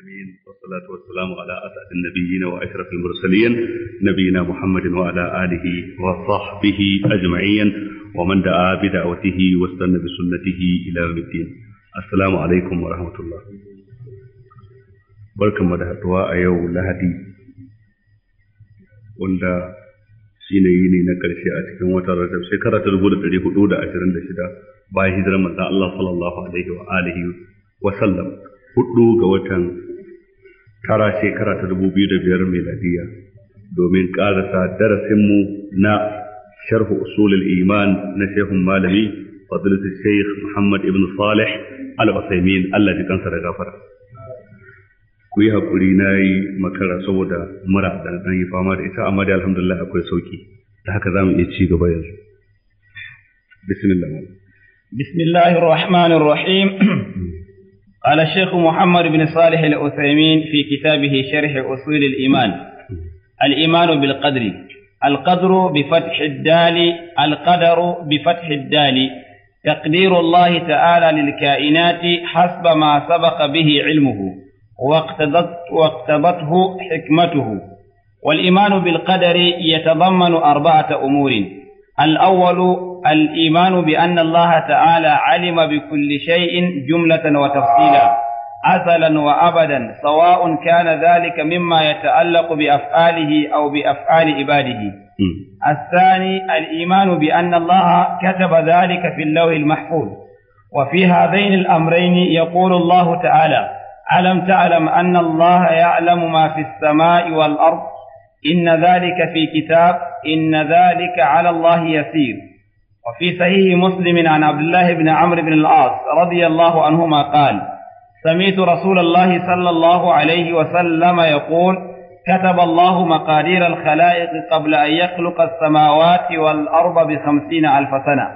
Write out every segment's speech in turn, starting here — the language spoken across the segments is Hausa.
الأمين والصلاة والسلام على أسعد النبيين وأشرف المرسلين نبينا محمد وعلى آله وصحبه أجمعين ومن دعا بدعوته واستنى بسنته إلى يوم الدين السلام عليكم ورحمة الله بركة مدهتوا أيو لهدي وندا shine yini na ƙarshe a cikin watan Rajab shekara ta dubu da ɗari hudu da ashirin da shida bayan hijirar manzon Allah sallallahu alaihi wa alihi wa sallam hudu ga watan tara shekara ta dubu biyu da biyar miladiya domin ƙarasa darasinmu na sharhu usulul iman na shehun malami fadilatul sheikh muhammad ibn salih al-usaimin allah ji kansa da gafara ku yi haƙuri na yi makara saboda mura da ɗan yi fama da ita amma da alhamdulillah akwai sauki da haka za mu iya ci gaba yanzu bismillah bismillahir rahmanir rahim قال الشيخ محمد بن صالح الأثيمين في كتابه شرح أصول الإيمان الإيمان بالقدر القدر بفتح الدال القدر بفتح الدال تقدير الله تعالى للكائنات حسب ما سبق به علمه واقتضت واقتضته حكمته والإيمان بالقدر يتضمن أربعة أمور الأول الإيمان بأن الله تعالى علم بكل شيء جملة وتفصيلا أزلا وأبدا سواء كان ذلك مما يتعلق بأفعاله أو بأفعال عباده الثاني الإيمان بأن الله كتب ذلك في اللوح المحفوظ وفي هذين الأمرين يقول الله تعالى ألم تعلم أن الله يعلم ما في السماء والأرض إن ذلك في كتاب إن ذلك على الله يسير وفي صحيح مسلم عن عبد الله بن عمرو بن العاص رضي الله عنهما قال سمعت رسول الله صلى الله عليه وسلم يقول كتب الله مقادير الخلائق قبل أن يخلق السماوات والأرض بخمسين ألف سنة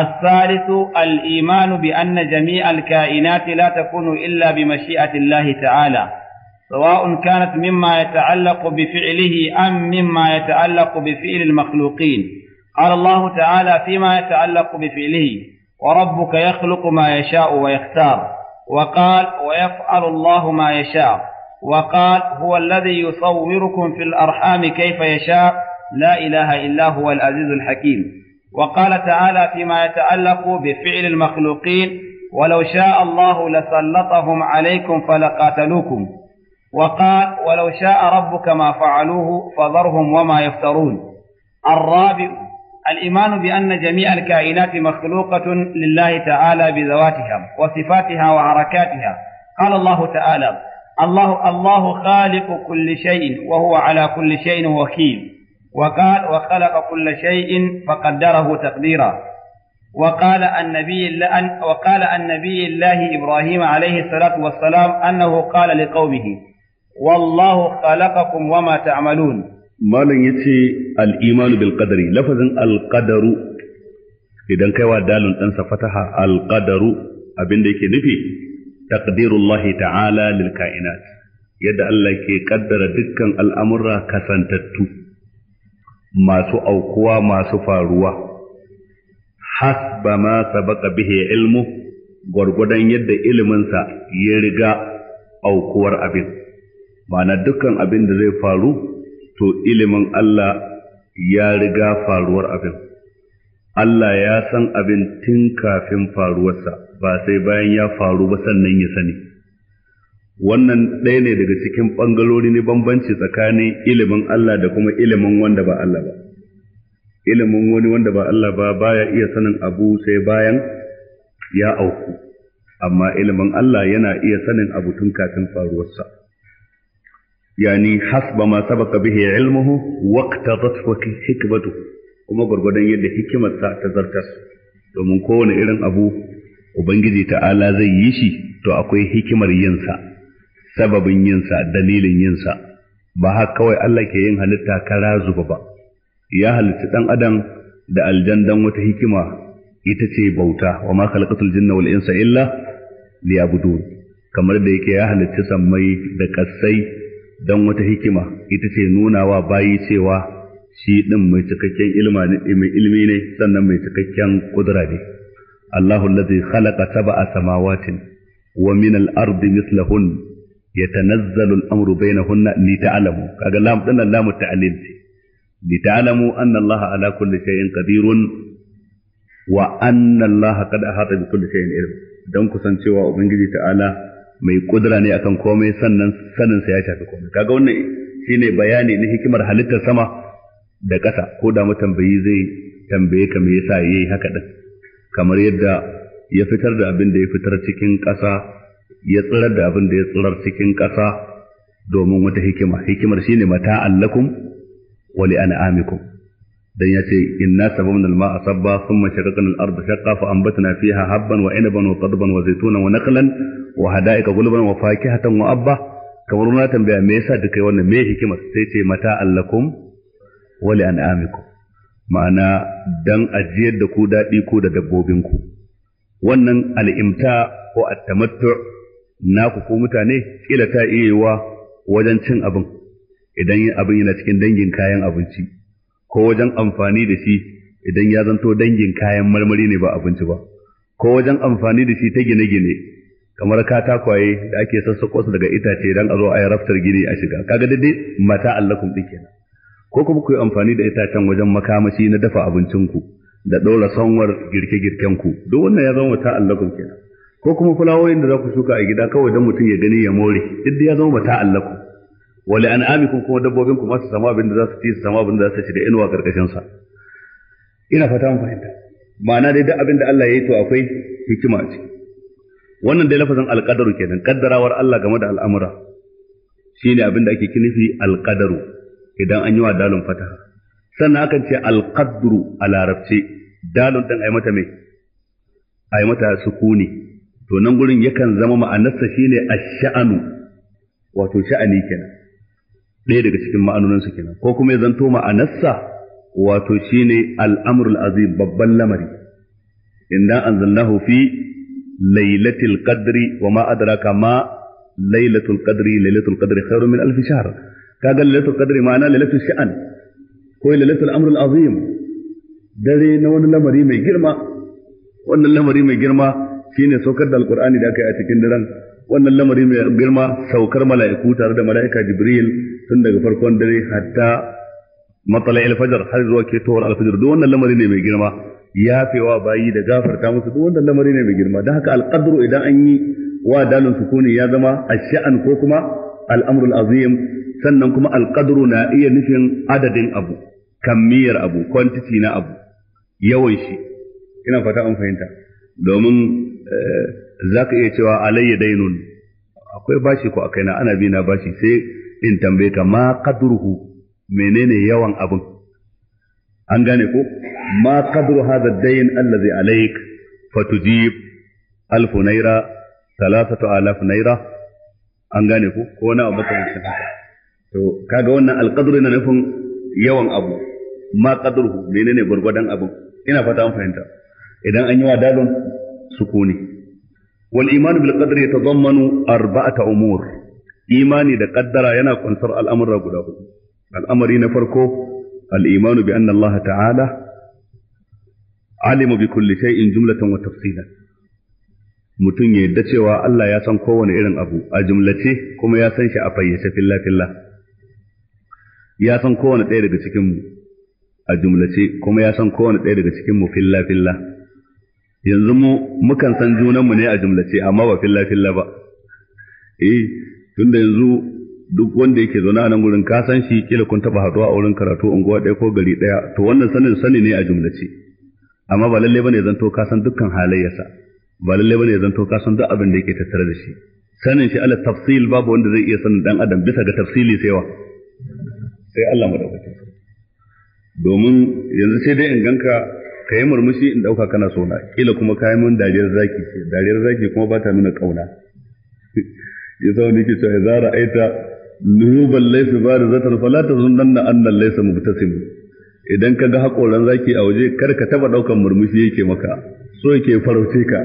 الثالث الإيمان بأن جميع الكائنات لا تكون إلا بمشيئة الله تعالى سواء كانت مما يتعلق بفعله أم مما يتعلق بفعل المخلوقين قال الله تعالى فيما يتعلق بفعله وربك يخلق ما يشاء ويختار وقال ويفعل الله ما يشاء وقال هو الذي يصوركم في الأرحام كيف يشاء لا إله إلا هو العزيز الحكيم وقال تعالى فيما يتعلق بفعل المخلوقين ولو شاء الله لسلطهم عليكم فلقاتلوكم وقال ولو شاء ربك ما فعلوه فذرهم وما يفترون الرابع الإيمان بأن جميع الكائنات مخلوقة لله تعالى بذواتها وصفاتها وحركاتها قال الله تعالى الله الله خالق كل شيء وهو على كل شيء وكيل وقال وخلق كل شيء فقدره تقديرا وقال النبي وقال النبي الله ابراهيم عليه الصلاه والسلام انه قال لقومه والله خلقكم وما تعملون malam ya ce al'imanu bil qadari lafazin alƙadaru idan kaiwa dalin ɗansa fataha alƙadaru abinda yake nufi taqdirullahi ta'ala lil yadda Allah ke ƙaddara dukkan al'amura kasantattu masu aukuwa masu faruwa hasba ma sabaka bihe ilmu gwargwadon yadda iliminsa ya riga aukuwar abin ma'ana dukkan abin da zai faru to ilimin Allah ya riga faruwar abin Allah ya san abin tun kafin faruwarsa ba sai bayan ya faru ba sannan ya sani wannan ɗaya ne daga cikin ɓangarori ne bambanci tsakanin ilimin Allah da kuma ilimin wanda ba Allah ba ilimin wani wanda ba Allah ba baya iya sanin abu sai bayan ya auku amma ilimin Allah yana iya sanin abu tun kafin faruwarsa yani hasba ma sabaka bihi ilmuhu waqtadat hikmatu kuma gurgurdan yadda hikimarsa ta zartas domin kowane irin abu ubangiji ta'ala zai yi shi to akwai hikimar yinsa sababin yinsa dalilin yinsa ba haka kawai Allah ke yin halitta kara zuba ba ya halitta dan adam da aljan wata hikima ita ce bauta wa ma khalaqatul jinna wal insa illa liyabudun kamar da yake ya halitta sammai da kassai don wata hikima ita ce nuna wa bayi cewa shi ɗin mai cikakken ilmi ne sannan mai cikakken ƙudura ne. Allahu lazi khalaqa sab'a samawatin wa min al-ardi mislahun yatanazzalu al-amru bainahunna li ta'lamu kaga lam din lamu ta'lil Ni li ta'lamu anna Allah ala kulli shay'in qadirun wa anna Allah qad ahata bi kulli shay'in ilm dan kusancewa ubangiji ta'ala mai kudura ne akan komai sannan sanin sa ya shafi komai kaga wannan shine bayani na hikimar halittar sama da ƙasa ko da matambayi zai tambaye ka me yasa yayi haka din kamar yadda ya fitar da abin da ya fitar cikin ƙasa ya tsirar da abin da ya tsirar cikin ƙasa domin wata hikima hikimar shine mata'allakum wa li an'amikum dan ya ce inna sababna al asabba sabba thumma shaqaqna al-ardha shaqqa fa anbatna fiha habban wa 'inaban wa qadban wa zaytunan wa naqlan wa hada'ika gulban wa fakihatan wa abba kamar na tambaya me yasa duka wannan me hikimar sai ce mata allakum wa li an'amikum ma'ana dan ajiyar da ku dadi ko da dabbobin ku wannan al'imta ko at-tamattu naku ko mutane kila ta iya wajen cin abin idan abin yana cikin dangin kayan abinci ko wajen amfani da shi idan ya zanto dangin kayan marmari ne ba abinci ba ko wajen amfani da shi ta gine-gine kamar katakwaye da ake sassako su daga itace dan a zo a yi raftar gini a shiga kaga dade mata allakum ɗin ko kuma ku yi amfani da itacen wajen makamashi na dafa abincinku da ɗora sanwar girke-girken ku duk wannan ya zama mata allakum kenan ko kuma fulawoyin da za ku shuka a gida kawai don mutum ya gani ya more duk ya zama mata allakum Wali an amikun kuma dabbobin ma su samu abin da za su ci su samu abin da za su ci da inuwa karkashin sa ina fata mun fahimta ma'ana dai duk abin da Allah ya yi to akwai hikima ce wannan dai lafazin alqadaru kenan kaddarawar Allah game da al'amura shine abin da ake kinifi alqadaru idan an yi wa dalun fataha sannan akan ce alqadru a larabci dalun din ai mata mai ai mata sukuni to nan gurin yakan zama ma'anarsa shine ash-sha'anu wato sha'ani kenan ɗaya daga cikin ma'anoninsa kenan ko kuma ya zanto ma'anarsa wato shine al'amrul azim babban lamari inna anzalnahu fi lailatul qadri wa ma adraka ma lailatul qadri lailatul qadri khairun min alf shahr kaga lailatul qadri ma'ana lailatul sha'an ko lailatul amrul azim dare na wani lamari mai girma wannan lamari mai girma shine saukar da alqur'ani da aka yi a cikin daren wannan lamari mai girma saukar mala'iku tare da mala'ika jibril tun daga farkon dare hatta matsala alfajar har zuwa tawar alfajar duk wannan lamari ne mai girma yafewa bayi da gafarta musu duk wannan lamari ne mai girma don haka alqadru idan an yi wa dalin sukuni ya zama a shaan ko kuma al'amrul azim sannan kuma alqadru na iya nufin adadin abu kammiyar abu kwantiti na abu yawan shi ina fata an fahimta domin eh, Za ka iya cewa alayya dainun akwai bashi ko akai na ana bi na bashi sai in tambaye ka ma qadruhu menene yawan abin an gane ko ma qadru hadha ad-dayn allazi alayk tujib alf naira thalathatu alaf naira an gane ko ko na abu kan to kaga wannan alqadru yana nufin yawan abu ma qadruhu menene gurgudan abu ina fata an fahimta idan an yi wa dalon sukuni wal imanu bil qadri Arba'a ta umur imani da qaddara yana kunsar al'amura guda hudu al'amari na farko al imanu Allah ta'ala alimu bi mutum ya yadda cewa Allah ya san kowane irin abu a jumlace kuma ya san shi a fayyace filla filla ya san kowane ɗaya daga cikin a jumlace kuma ya san kowane ɗaya daga cikinmu filla filla yanzu mu mukan san junanmu ne a jumlace amma ba filla filla ba eh tunda yanzu duk wanda yake zaune a nan gurin ka san shi kila kun taba haduwa a wurin karatu unguwa ɗaya ko gari ɗaya to wannan sanin sani ne a jumlace amma ba lalle bane zanto ka san dukkan halayyarsa ba lalle bane zanto ka san duk abin da yake tattare da shi sanin shi ala tafsil babu wanda zai iya sanin dan adam bisa ga tafsili sai wa sai Allah madaukakin domin yanzu sai dai in ganka ka yi murmushi in ɗauka kana so na kila kuma ka yi min dariyar zaki dariyar zaki kuma ba ta nuna kauna ya sa wani ke cewa zara aita nuban laifi ba da zatar fala ta zunnan na annan laisa mubtasimu idan ka ga haƙoran zaki a waje kar ka taɓa ɗaukan murmushi yake maka so yake farauce ka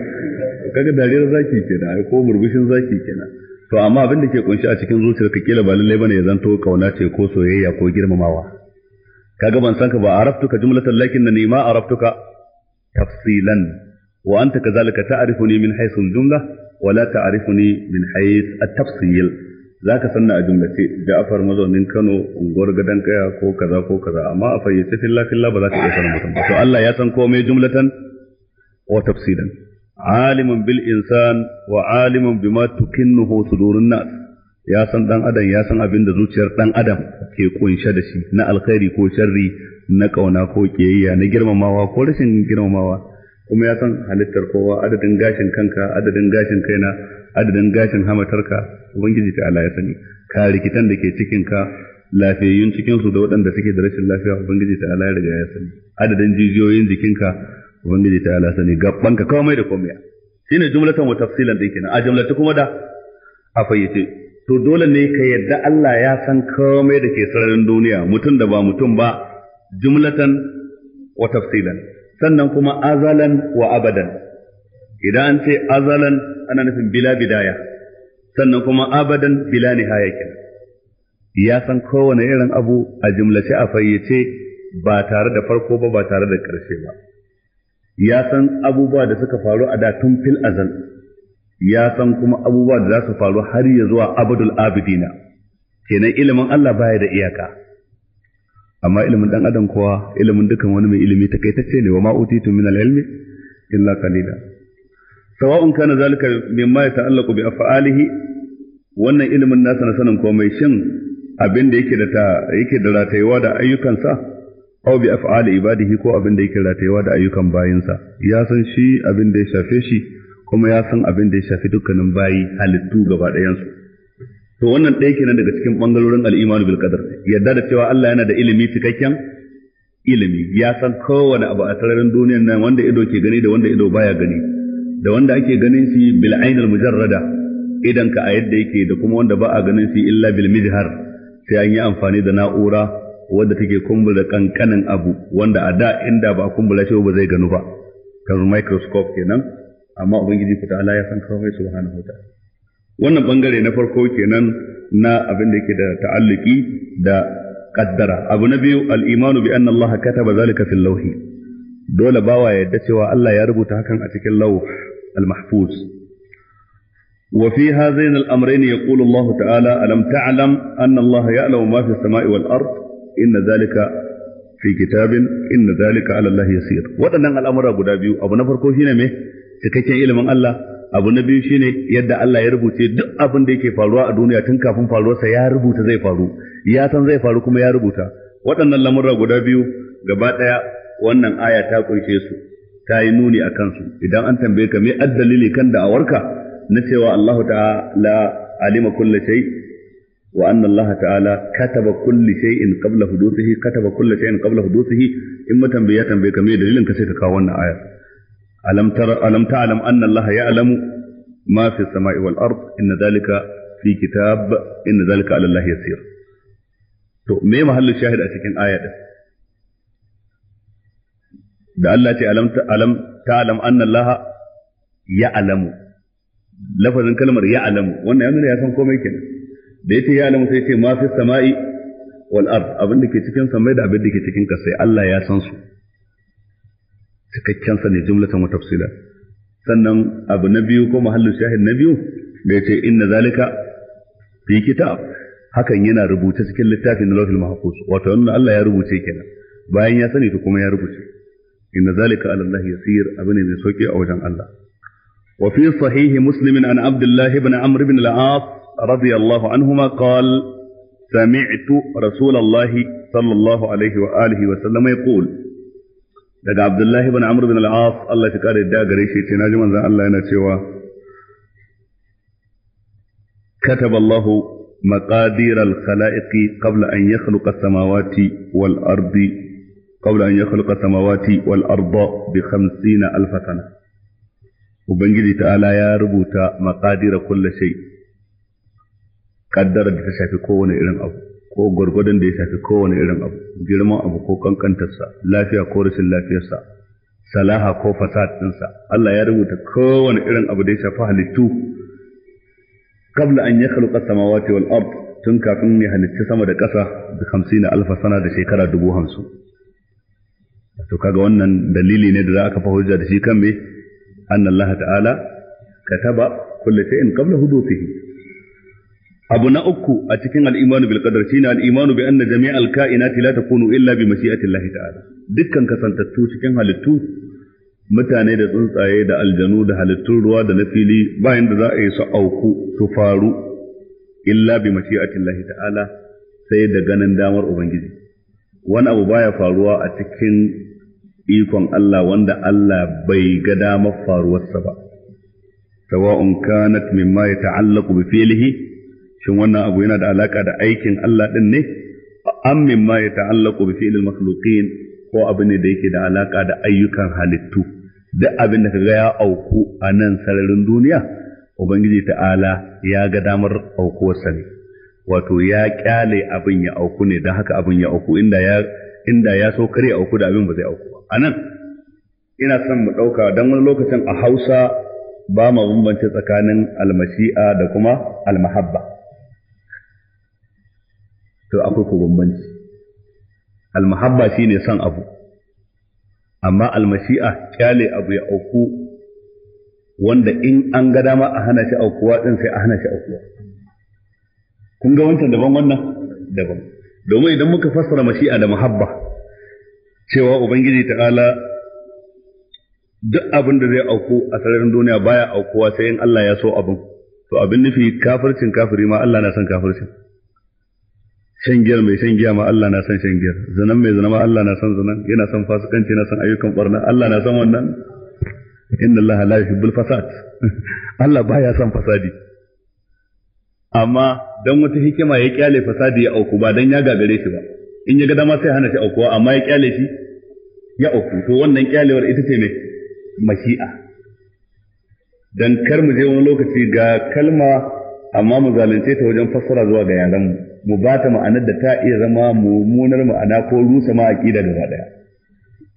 kaga dariyar zaki kenan ko murmushin zaki kenan to amma abin da ke kunshi a cikin zuciyarka kila ba lallai bane ya zanto kauna ce ko soyayya ko girmamawa kaga ban san ka ba araftuka jumlatan lakin ni ma araftuka tafsilan wa anta kazalika ta'rifuni min haythu al-jumla wa la ta'rifuni min hayth at-tafsil zaka sanna a jumlace Ja'far mazaunin Kano unguwar gadan kaya ko kaza ko kaza amma a fayyace fillah fillah ba za ka iya sanin mutum ba to Allah ya san komai jumlatan wa tafsilan alimun bil insan wa alimun bima tukinnuhu sudurun nas ya san dan adam ya san abin da zuciyar dan adam ke kunshe da shi na alkhairi ko sharri na kauna ko kiyayya na girmamawa ko rashin girmamawa kuma ya san halittar kowa adadin gashin kanka adadin gashin kaina adadin gashin hamatarka ubangiji ta Allah ya sani ka rikitan da ke cikin ka lafiyayyun cikin su da waɗanda suke da rashin lafiya ubangiji ta Allah ya riga ya sani adadin jijiyoyin jikinka ubangiji ta Allah sani gabban ka komai da komai shine jumlatan wa tafsilan din kenan a jumlatu kuma da afayyace to dole ne ka yadda Allah ya san komai da ke sararin duniya mutum da ba mutum ba jumlatan wa tafsilan sannan kuma azalan wa abadan idan an ce azalan ana nufin bila bidaya sannan kuma abadan bila nihaya kenan ya san kowane irin abu a jumlace a fayyace ba tare da farko ba ba tare da ƙarshe ba ya san abubuwa da suka faru a da tun fil azal ya san kuma abubuwa da za su faru har ya zuwa abadul abidina kenan ilimin Allah baya da iyaka amma ilimin dan adam kowa ilimin dukan wani mai ilimi ta kai ce ne wa ma utitu min al-ilmi illa qalila sawa'un kana zalika mimma yata'allaqu bi af'alihi wannan ilimin nasa na sanin komai shin abin da yake da ta yake da ratayewa da ayyukansa aw bi af'ali ibadihi ko abin da yake ratayewa da ayyukan bayinsa ya san shi abin da ya shafe shi kuma ya san abin da ya shafi dukkanin bayi halittu gaba ɗayansu to wannan ɗaya kenan daga cikin ɓangarorin al'imanu bil qadar yadda da cewa Allah yana da ilimi cikakken ilimi ya san kowane abu a sararin duniyar nan wanda ido ke gani da wanda ido baya gani da wanda ake ganin shi bil ainul mujarrada idan ka a yadda yake da kuma wanda ba a ganin shi illa bil mijhar sai an yi amfani da na'ura wanda take kumbula kankanin abu wanda a da inda ba a kumbula shi ba zai gano ba kamar microscope kenan amma ubangiji ku ta'ala ya san komai subhanahu wa ta'ala wannan bangare na farko kenan na abin da yake da ta'alluki da qaddara abu na biyu al-imanu bi anna Allah kataba zalika fil lawhi dole bawa yadda cewa Allah ya rubuta hakan a cikin lawh al-mahfuz wa fi hadhain al-amrayn yaqulu Allah ta'ala alam ta'lam anna Allah ya'lamu ma fi as-sama'i wal ard inna zalika fi kitabin inna zalika ala Allah yasir waɗannan al'amura guda biyu abu na farko shine me cikakken ilimin Allah abu na biyu shine yadda Allah ya rubuce duk abin da yake faruwa a duniya tun kafin faruwarsa ya rubuta zai faru ya san zai faru kuma ya rubuta waɗannan lamurra guda biyu gaba ɗaya wannan aya ta kunshe su ta yi nuni a kansu idan an tambaye ka me addalili kan da'awarka na cewa Allah ta'ala alima kulli shay wa anna Allah ta'ala kataba kulli shay'in qabla huduthihi kataba kulli shay'in qabla huduthihi in mutum ya tambaye ka me dalilin ka sai ka kawo wannan ayar alam tara alam ta'lam anna Allah ya'lamu ma fi samai wal ard inna dhalika fi kitab inna dhalika ala Allah yasir to me mahallin shahid a cikin aya din da Allah ce alam alam ta'lam anna Allah ya'lamu lafazin kalmar ya'lamu wannan yana ya san komai kenan da yace ya'lamu sai ce ma fi samai wal ard abin da ke cikin samai da abin da ke cikin kasai Allah ya san su cikakken sa ne jumlatan wa tafsila sannan abu na biyu ko mahallin shahid na biyu da yace inna zalika fi kitab hakan yana rubuce cikin littafin na lawhil mahfuz wato wannan Allah ya rubuce kenan bayan ya sani to kuma ya rubuce inna zalika ala Allah yasir abu ne mai sauki a wajen Allah wa fi sahihi muslim an abdullah ibn amr ibn al-as radiyallahu anhuma qala سمعت رسول الله صلى الله عليه وآله وسلم يقول daga Abdullahi ibn Amr bin al-As Allah ya kare da gare shi ce naji manzon Allah yana cewa كتب الله مقادير الخلائق قبل أن يخلق السماوات والأرض قبل أن يخلق السماوات والأرض بخمسين ألف سنة وبنجي تعالى يا مقادير كل شيء قدر بتشافي كون إلى أبو ko gwargwadon da ya shafi kowane irin abu girman abu ko kankantarsa lafiya ko rashin lafiyarsa salaha ko fasad ɗinsa Allah ya rubuta kowane irin abu da ya shafi halittu kabla an yakhluqa samawati wal ard tun kafin ya halitta sama da ƙasa da hamsin alfa sana da shekara dubu hamsin to kaga wannan dalili ne da za a kafa hujja da shi kan me annallaha ta'ala kataba kullu shay'in qabla hudusihi abu na uku a cikin al'imanu bil qadar shine al'imanu bi anna jami' al kainati la takunu illa bi mashi'ati ta'ala dukkan kasantattu cikin halittu mutane da tsuntsaye da aljanu da halittun ruwa da na fili bayan da za a yi su auku su faru illa bi mashi'ati ta'ala sai da ganin damar ubangiji wani abu baya faruwa a cikin ikon Allah wanda Allah bai ga damar faruwarsa ba sawa'un kanat mimma yata'allaqu bi fi'lihi shin wannan abu yana da alaka da aikin Allah din ne ma ya ta'allaqu bi fi'lil makhluqin ko abu ne da yake da alaka da ayyukan halittu duk abin da kaga ya auku a nan sararin duniya ubangiji ta'ala ya ga damar aukuwarsa ne wato ya kyale abin ya auku ne don haka abin ya auku inda ya inda ya so kare auku da abin ba zai auku a nan ina son mu ɗauka don wani lokacin a hausa ba ma bambance tsakanin Almasi'a da kuma almahabba to akwai ku bambanci almahabba shine son abu amma almashi'a kyale abu ya auku wanda in an ga dama a hana shi aukuwa din sai a hana shi aukuwa kun ga wancan daban wannan daban domin idan muka fassara mashi'a da muhabba, cewa ubangiji ta'ala duk abin da zai auku a sararin duniya baya aukuwa sai in Allah ya so abin to abin nufi kafircin kafiri ma Allah na son kafircin shan giyar mai shan giya ma Allah na san shan giyar zanen mai zanen ma Allah na san zanen yana san fasikanci yana san ayyukan barna Allah na san wannan inna Allah la yuhibbul fasad Allah baya san fasadi amma dan wata hikima ya kyale fasadi ya auku ba dan ya gagare shi ba in ya ga dama sai hana shi aukuwa amma ya kyale shi ya auku to wannan kyalewar ita ce ne mashi'a dan kar mu je wani lokaci ga kalma amma mu zalunce ta wajen fassara zuwa ga yaran mu mu ba ta ma'anar da ta iya zama mummunar ma'ana ko rusa ma aqida gaba daya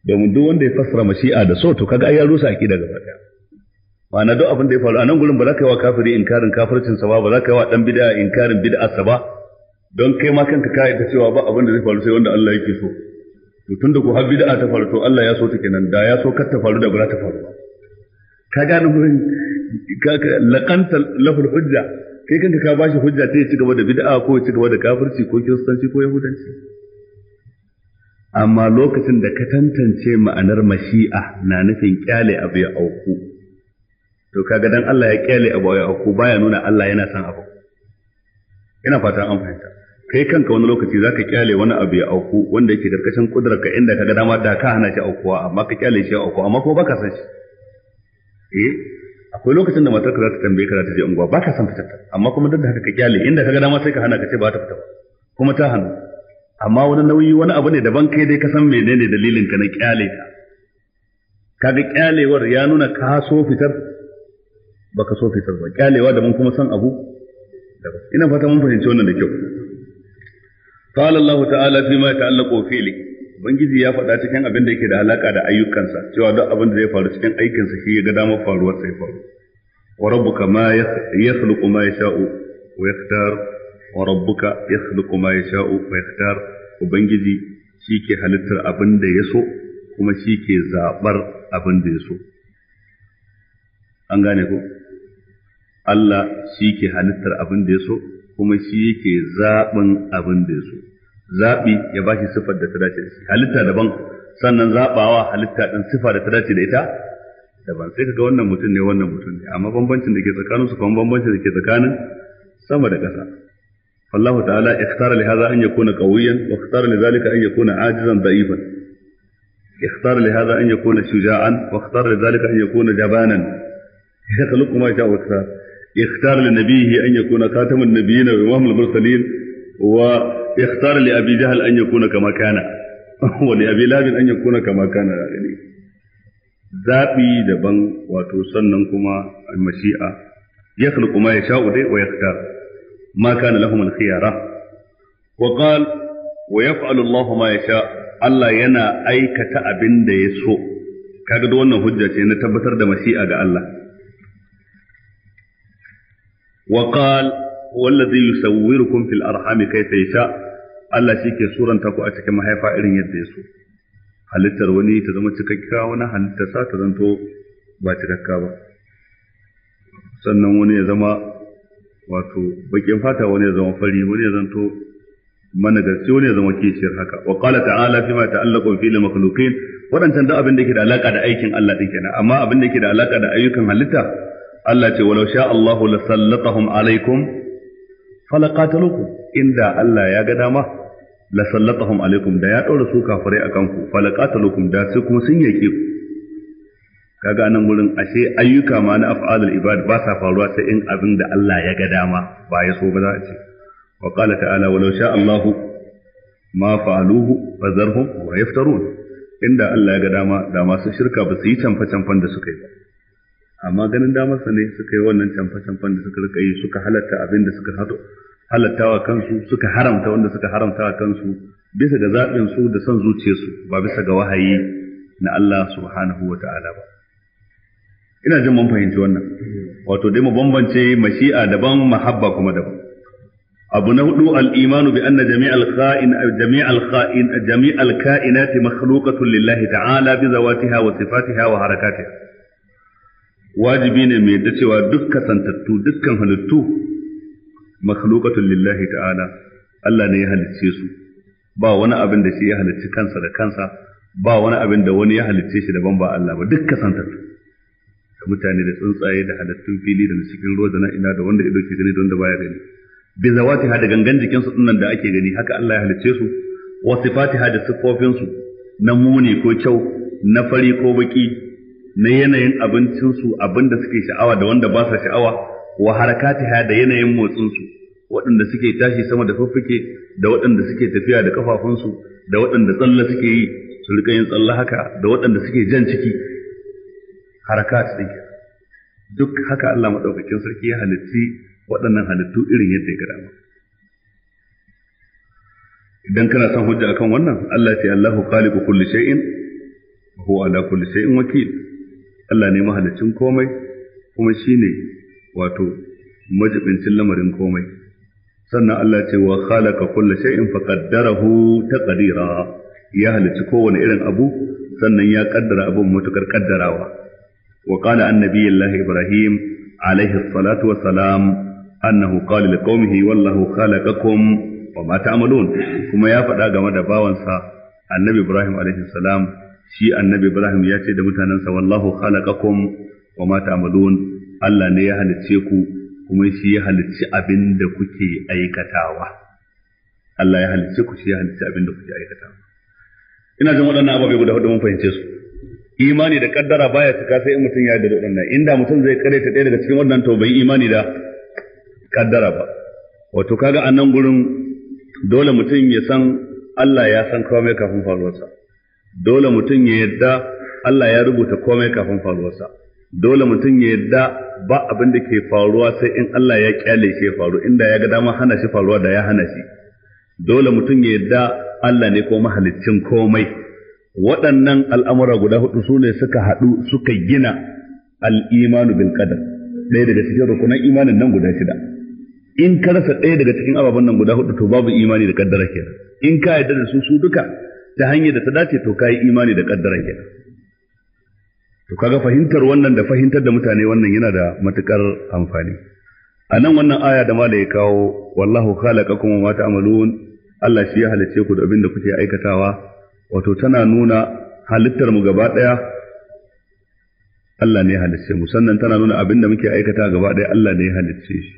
domin duk wanda ya fassara mashi'a da so to kaga ai ya rusa aqida gaba daya ma'ana duk abin da ya faru a nan gurin ba za ka yi wa kafiri inkarin kafircin sa ba ba za ka yi wa dan bid'a inkarin bid'ar sa ba don kai ma kanka ka ta cewa ba abin da zai faru sai wanda Allah yake so to tunda ko har bid'a ta faru to Allah ya so ta kenan da ya so kar ta faru da ba za ta faru ba ka gane gurin laqanta lahul hujja kai kanka ka bashi hujja ta ya ci gaba da bid'a ko ya ci gaba da kafirci ko kiristanci ko yahudanci amma lokacin da ka tantance ma'anar mashi'a na nufin kyale abu ya auku to kaga dan Allah ya kyale abu ya auku baya nuna Allah yana son abu ina fatan an fahimta kai kanka wani lokaci zaka kyale wani abu ya auku wanda yake karkashin kudurarka inda kaga dama da ka hana shi aukuwa amma ka kyale shi aukuwa amma ko baka san shi eh ko lokacin da matarka za ta tambaye ka za ta je unguwa ba ka san fitar ta amma kuma duk da haka ka kyale inda ka ga dama sai ka hana ka ce ba ta fita kuma ta hannu amma wani nauyi wani abu ne daban kai dai ka san menene dalilin ka na kyale ta kaga kyalewar ya nuna ka so fitar baka so fitar ba kyalewa da mun kuma san abu ina fata mun fahimci wannan da kyau قال الله ta'ala فيما يتعلق ta'allaqu fi'li ubangiji ya faɗa cikin abin da yake da alaka da ayyukansa cewa duk abin da zai faru cikin aikinsa shi ya ga damar faruwar sai faru وربك ما يخلق ما ma ويختار وربك يخلق ما يشاء ويختار ma شيكي wa yaktar يسو shi ke halittar abin ya so kuma shi ke abin da ya so an gane ko Allah shi ke halittar abin da ya so kuma shi ke zaɓin abin da ya so zaɓi ya ba shi siffar da ta dace da shi halitta daban sannan zaɓawa halitta ɗin siffa da ta dace da ita daban sai kaga wannan mutum ne wannan mutum ne amma bambancin da ke tsakanin su kuma bambancin da ke tsakanin sama da ƙasa fallahu ta'ala ikhtara li hadha an yakuna qawiyan wa ikhtara li zalika an yakuna ajizan da'ifan ikhtara li hadha an yakuna shuja'an wa ikhtara li zalika an yakuna jabanan yakhluqu ma sha'a wa ikhtara ikhtara li nabiyhi an yakuna khataman nabiyyin wa imamul mursalin wa ikhtara li abi jahl an yakuna kama kana wa li abi lahab an yakuna kama kana gani zaɓi daban wato sannan kuma mashi'a ya kuma ma yasha'u dai wa yakhtar ma kana lahum al-khiyara wa qala wa yaf'alu Allah ma yasha Allah yana aikata abin da ya so kaga da wannan hujja ce na tabbatar da mashi'a ga Allah wa qala huwa alladhi yusawwirukum fil arham kayfa yasha Allah shi ke suranta ku a cikin mahaifa irin yadda ya so halittar wani ta zama cikakka wani halittar sa ta zanto ba cikakka ba sannan wani ya zama wato bakin fata wani ya zama fari wani ya zanto managarci wani ya zama kishiyar haka wa qala ta'ala fima ta'allaqu fi al-makhluqin wadancan da abin da yake da alaka da aikin Allah din kenan amma abin da yake da alaka da ayyukan halitta Allah ce walau sha Allahu lasallatahum alaikum falaqatalukum inda Allah ya ga dama la sallatahum alaikum da ya ɗaura su kafirai kan ku falaqatalukum da sai kuma sun yake ku kaga anan gurin ashe ayyuka ma na af'alul ibad ba sa faruwa sai in abin da Allah ya ga dama ba ya so ba za a ce wa qala ta'ala walau sha Allahu ma fa'aluhu zarhum wa yaftarun inda Allah ya ga dama da masu shirka ba su yi canfa canfan da suka yi ba amma ganin damarsa sa ne suka yi wannan canfa canfan da suka rika yi suka halatta abin da suka hado halattawa kansu suka haramta wanda suka haramtawa kansu bisa ga zaɓin su da son zuciyarsu ba bisa ga wahayi na Allah subhanahu wa ta'ala ba ina jin mun fahimci wannan wato dai mu bambance mashi'a daban mahabba kuma daban abu na hudu al-imanu bi anna jami'al kha'in jami'al kha'in jami'al ka'inati makhluqatun lillahi ta'ala bi zawatiha wa sifatiha wa harakatiha wajibi ne mai da cewa dukkan santattu dukkan halittu makhluqatun lillahi ta'ala Allah ne ya halicce su ba wani abin da shi ya halicci kansa da kansa ba wani abin da wani ya halicce shi daban ba Allah ba duk kasantattu da mutane da tsuntsaye da halittun fili da cikin ruwa da na ina da wanda ido ke gani da wanda baya gani bi zawati hada gangan jikin su dinnan da ake gani haka Allah ya halicce su wa sifati da sifofin su na muni ko kyau na fari ko baki na yanayin abincinsu abin da suke sha'awa da wanda ba sa sha'awa wa harakatiha da yanayin motsinsu waɗanda suke tashi sama da fuffuke da waɗanda suke tafiya da kafafunsu da waɗanda tsalla suke yi su rika yin tsalla haka da waɗanda suke jan ciki harakat din duk haka Allah madaukakin sarki ya halitti waɗannan halittu irin yadda ya gada idan kana son hujja akan wannan Allah ce Allahu khaliqu kulli shay'in huwa ala kulli shay'in wakil Allah ne mahalicin komai kuma shine wato majibincin lamarin komai sannan Allah ce wa khalaqa kulla shay'in faqaddarahu taqdira ya halici kowane irin abu sannan ya kaddara abun matukar kaddarawa wa qala annabiyullahi ibrahim alaihi salatu wa salam annahu qala liqaumihi wallahu khalaqakum wa ma ta'malun kuma ya faɗa game da bawansa annabi ibrahim alaihi salam shi annabi ibrahim ya ce da mutanansa wallahu khalaqakum wa ma ta'malun Allah ne ya halicce ku kuma shi ya halicci abin da kuke aikatawa Allah ya halicce ku shi ya halicci abin da kuke aikatawa ina jin waɗannan ababai guda hudu mun fahimce su imani da kaddara baya cika sai mutum ya yarda da waɗannan inda mutum zai ta ɗaya daga cikin waɗannan to bai imani da kaddara ba wato kaga a nan gurin dole mutum ya san Allah ya san komai kafin faruwarsa dole mutum ya yarda Allah ya rubuta komai kafin faruwarsa dole mutum ya yadda ba abin da ke faruwa sai in Allah ya kyale shi faru inda ya ga dama hana shi faruwa da ya hana shi dole mutum ya yadda Allah ne ko mahaliccin komai waɗannan al'amura guda hudu su ne suka haɗu suka gina al'imanu bil qadar ɗaya daga cikin rukunan imanin nan guda shida in ka rasa ɗaya daga cikin ababen nan guda hudu to babu imani da kaddara kenan in ka yarda da su su duka ta hanyar da ta dace to ka yi imani da kaddara kenan to kaga fahimtar wannan da fahimtar da mutane wannan yana da matukar amfani a nan wannan aya da mala ya kawo wallahu khalaqakum wa mata ta'malun Allah shi ya halice ku da abin da kuke aikatawa wato tana nuna halittar mu gaba daya Allah ne ya halicce mu sannan tana nuna abin da muke aikata gaba daya Allah ne ya halicce shi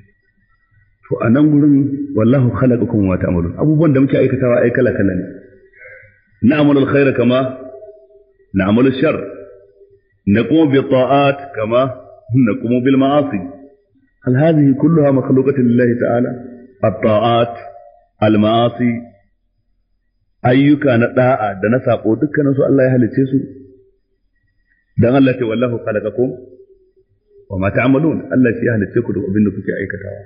to a nan gurin wallahu khalaqakum wa ta'malun abubuwan da muke aikatawa ai kala kala ne na'malu khaira kama na'malu shar نقوم بالطاعات كما نقوم بالمعاصي هل هذه كلها مخلوقة لله تعالى الطاعات المعاصي ayyuka na da'a da na sako dukkanin su Allah ya halice su dan Allah ce wallahu khalaqakum wa ma ta'malun Allah shi ya halice ku da kuke aikatawa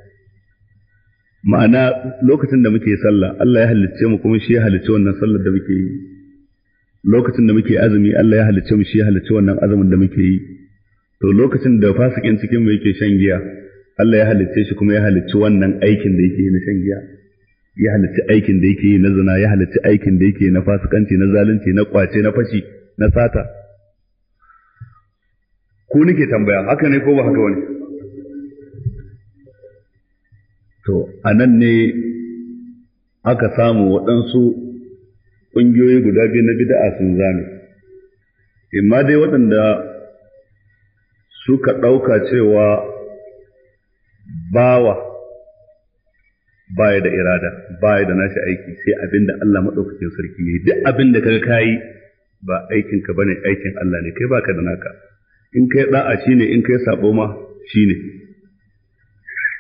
ma'ana lokacin da muke salla Allah ya halice mu kuma shi ya wannan sallar da muke yi lokacin da muke azumi Allah ya halicce mu shi ya halicce wannan azumin da muke yi to lokacin da fasikin cikin mu yake shan giya Allah ya halicce shi kuma ya halicci wannan aikin da yake yi na shan giya ya halicci aikin da yake yi na zina ya halicci aikin da yake na fasikanci na zalunci na kwace na fashi na sata ku nake tambaya haka ne ko ba haka wani to anan ne aka samu waɗansu ƙungiyoyi guda biyu na bid'a sun zane imma dai waɗanda suka ɗauka cewa bawa baya da irada baya da nashi aiki sai abin da Allah maɗaukakin sarki ne, duk abin da ka yi ba aikinka ba ne aikin Allah ne kai baka da naka in kai shi shine in kai saɓo ma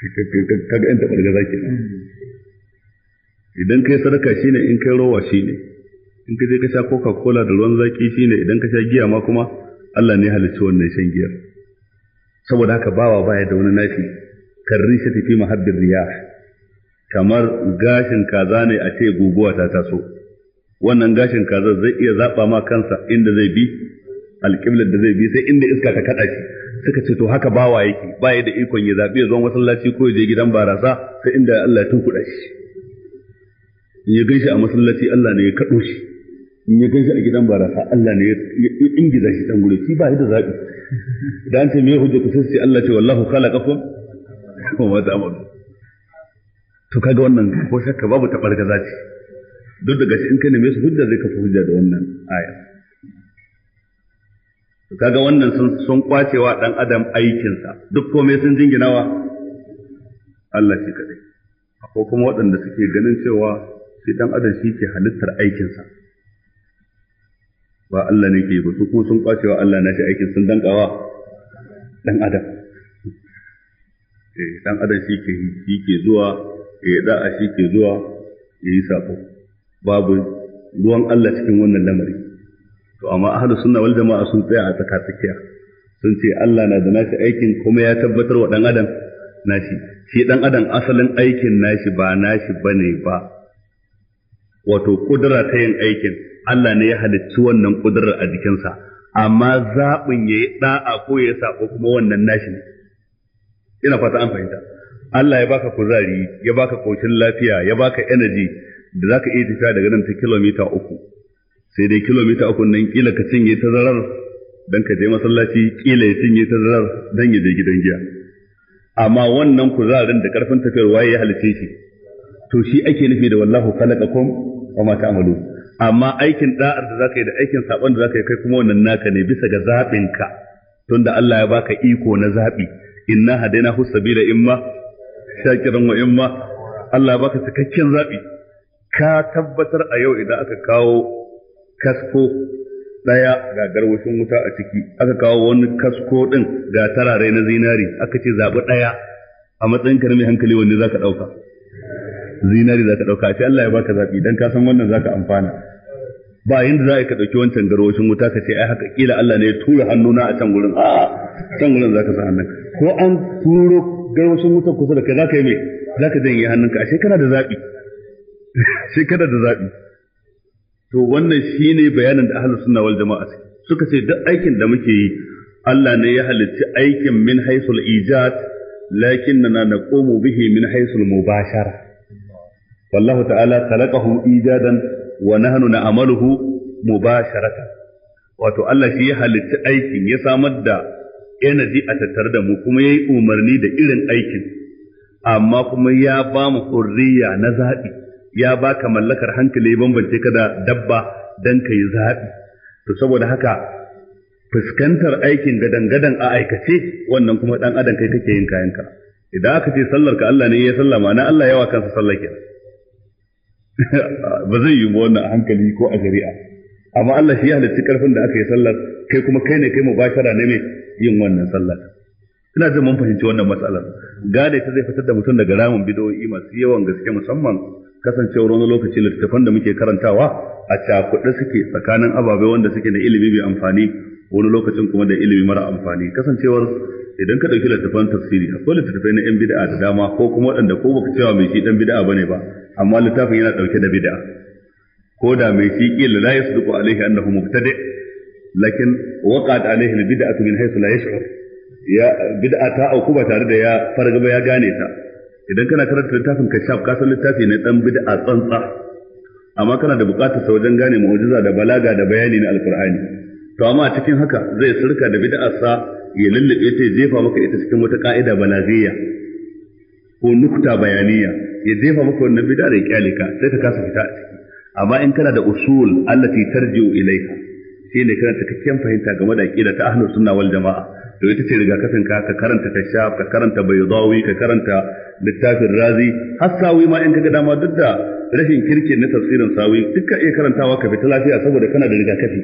Ka kaga in taɓa da zaki idan kai shi shine in kai rowa shine in ka je ka sha coca cola da ruwan zaki shine idan ka sha giya ma kuma Allah ne halicci wannan shan giyar saboda haka bawa baya da wani nafi karri shi tafi mahabbin riya kamar gashin kaza ne a ce guguwa ta taso wannan gashin kaza zai iya zaba ma kansa inda zai bi alƙiblar da zai bi sai inda iska ta kada shi suka ce to haka bawa yake baya da ikon ya zabi ya zo masallaci ko ya je gidan barasa sai inda Allah ya tunkuɗa shi in ya gaishe a masallaci Allah ne ya kaɗo shi in ya gan shi a gidan barasa Allah ne ya ingiza shi can gure shi ba shi da zaɓi idan ce me hujja ku sai Allah ce wallahu khalaqakum wa ma ta'malun to kaga wannan ko shakka babu tabargaza ce duk da gashi in ne neme su hujja zai kafa hujja da wannan aya to kaga wannan sun sun kwacewa dan adam aikinsa duk komai sun jinginawa Allah shi kadai akwai kuma waɗanda suke ganin cewa shi dan adam shi ke halittar aikinsa ba Allah ne ke yi ba su ko sun kwacewa Allah na shi aikin sun dankawa dan adam eh dan adam shi ke shi ke zuwa da da'a shi ke zuwa ya yi sako babu ruwan Allah cikin wannan lamari to amma ahlus sunna wal jama'a sun tsaya a tsaka tsakiya sun ce Allah na da nashi aikin kuma ya tabbatar wa dan adam nashi shi dan adam asalin aikin nashi ba nashi bane ba wato kudura ta yin aikin Allah ne ya halicci wannan kudurar a jikinsa amma zaɓin ya yi ɗa'a ko ya saɓo kuma wannan nashi ina fata an fahimta Allah ya baka kuzari ya baka koshin lafiya ya baka energy da zaka iya tafiya daga nan ta kilomita uku sai dai kilomita uku nan kila ka cinye ta zarar dan ka je masallaci kila ya cinye ta zarar dan ya je gidan giya amma wannan kuzarin da karfin tafiyar waye ya halice shi to shi ake nufi da wallahu khalaqakum wa ma ta'malun amma aikin da'ar da zaka yi da aikin sabon da zaka yi kai kuma wannan naka ne bisa ga zabin ka tunda Allah ya baka iko na zabi inna hadaina hu sabila imma shakiran wa imma Allah ya baka cikakken zabi ka tabbatar a yau idan aka kawo kasko daya ga garwashin wuta a ciki aka kawo wani kasko din ga tarare na zinari aka ce zabi daya a matsayin ka na mai hankali wanne zaka dauka zinari za ka ɗauka ce Allah ya baka zaɓi. dan ka san wannan ka amfana ba yanda za ka ɗauki wancan garwashin wuta ka ce ai haka ƙila Allah ne ya tura hannuna a can gurin a can gurin ka sa hannun ko an turo garwashin wuta kusa da ka, za ka yi me ka janye hannunka a shekara da zaɓi? Shekara da zaɓi? to wannan shine bayanin da ahalar suna wal jama'a suka ce duk aikin da muke yi Allah ne ya halicci aikin min haisul ijad lakinna na komo bihi min haisul mubashara wallahu ta'ala khalaqahu ijadan wa nahnu na'maluhu mubasharatan wato Allah shi ya halitta aikin ya samar da energy a tattare da mu kuma ya yi umarni da irin aikin amma kuma ya ba mu hurriya na zaɓi ya ba ka mallakar hankali bambance ka da dabba don ka yi zaɓi to saboda haka fuskantar aikin gadan-gadan a aikace wannan kuma ɗan adam kai kake yin kayanka idan aka ce sallar ka Allah ne ya sallama na Allah yawa kansa sallar kenan ba zai yi ba wannan hankali ko a shari'a amma Allah shi ya halicci karfin da aka yi sallar kai kuma kai ne kai mu bashara ne mai yin wannan sallar ina jin mun fahimci wannan matsalar gane ta zai fitar da mutum daga ramin bidoyi masu yawan gaske musamman kasancewar wani lokaci littattafan da muke karantawa a cakuɗe suke tsakanin ababai wanda suke da ilimi mai amfani wani lokacin kuma da ilimi mara amfani kasancewar idan ka ɗauki littattafan tafsiri akwai littattafai na 'yan bid'a da dama ko kuma waɗanda ko baka cewa mai shi ɗan bid'a bane ba amma littafin yana ɗauke da bid'a ko da mai shi kila la yasduqu alayhi annahu mubtadi lakin waqa'at alayhi albid'atu min haythu la yash'ur ya bid'a ta auku ba tare da ya fargaba ya gane ta idan kana karanta littafin kashaf ka san littafi ne dan bid'a tsantsa amma kana da bukatar sa wajen gane mu'jiza da balaga da bayani na alqur'ani to amma cikin haka zai sirka da bid'ar sa ya lullube ta jefa maka ita cikin wata ka'ida balagiyya ko nukta bayaniya ya jefa maka wannan bid'a da ya kyale ka sai ka kasa fita a ciki amma in kana da usul allati tarji'u ilaiha shi ne kana cikakken fahimta game da aqida ta ahlus sunna wal jama'a to ita ce rigakafin ka ka karanta kashaf ka karanta baydawi ka karanta littafin razi har sawi ma in kaga dama duk rashin kirki na tafsirin sawi duk iya karantawa ka fita lafiya saboda kana da rigakafi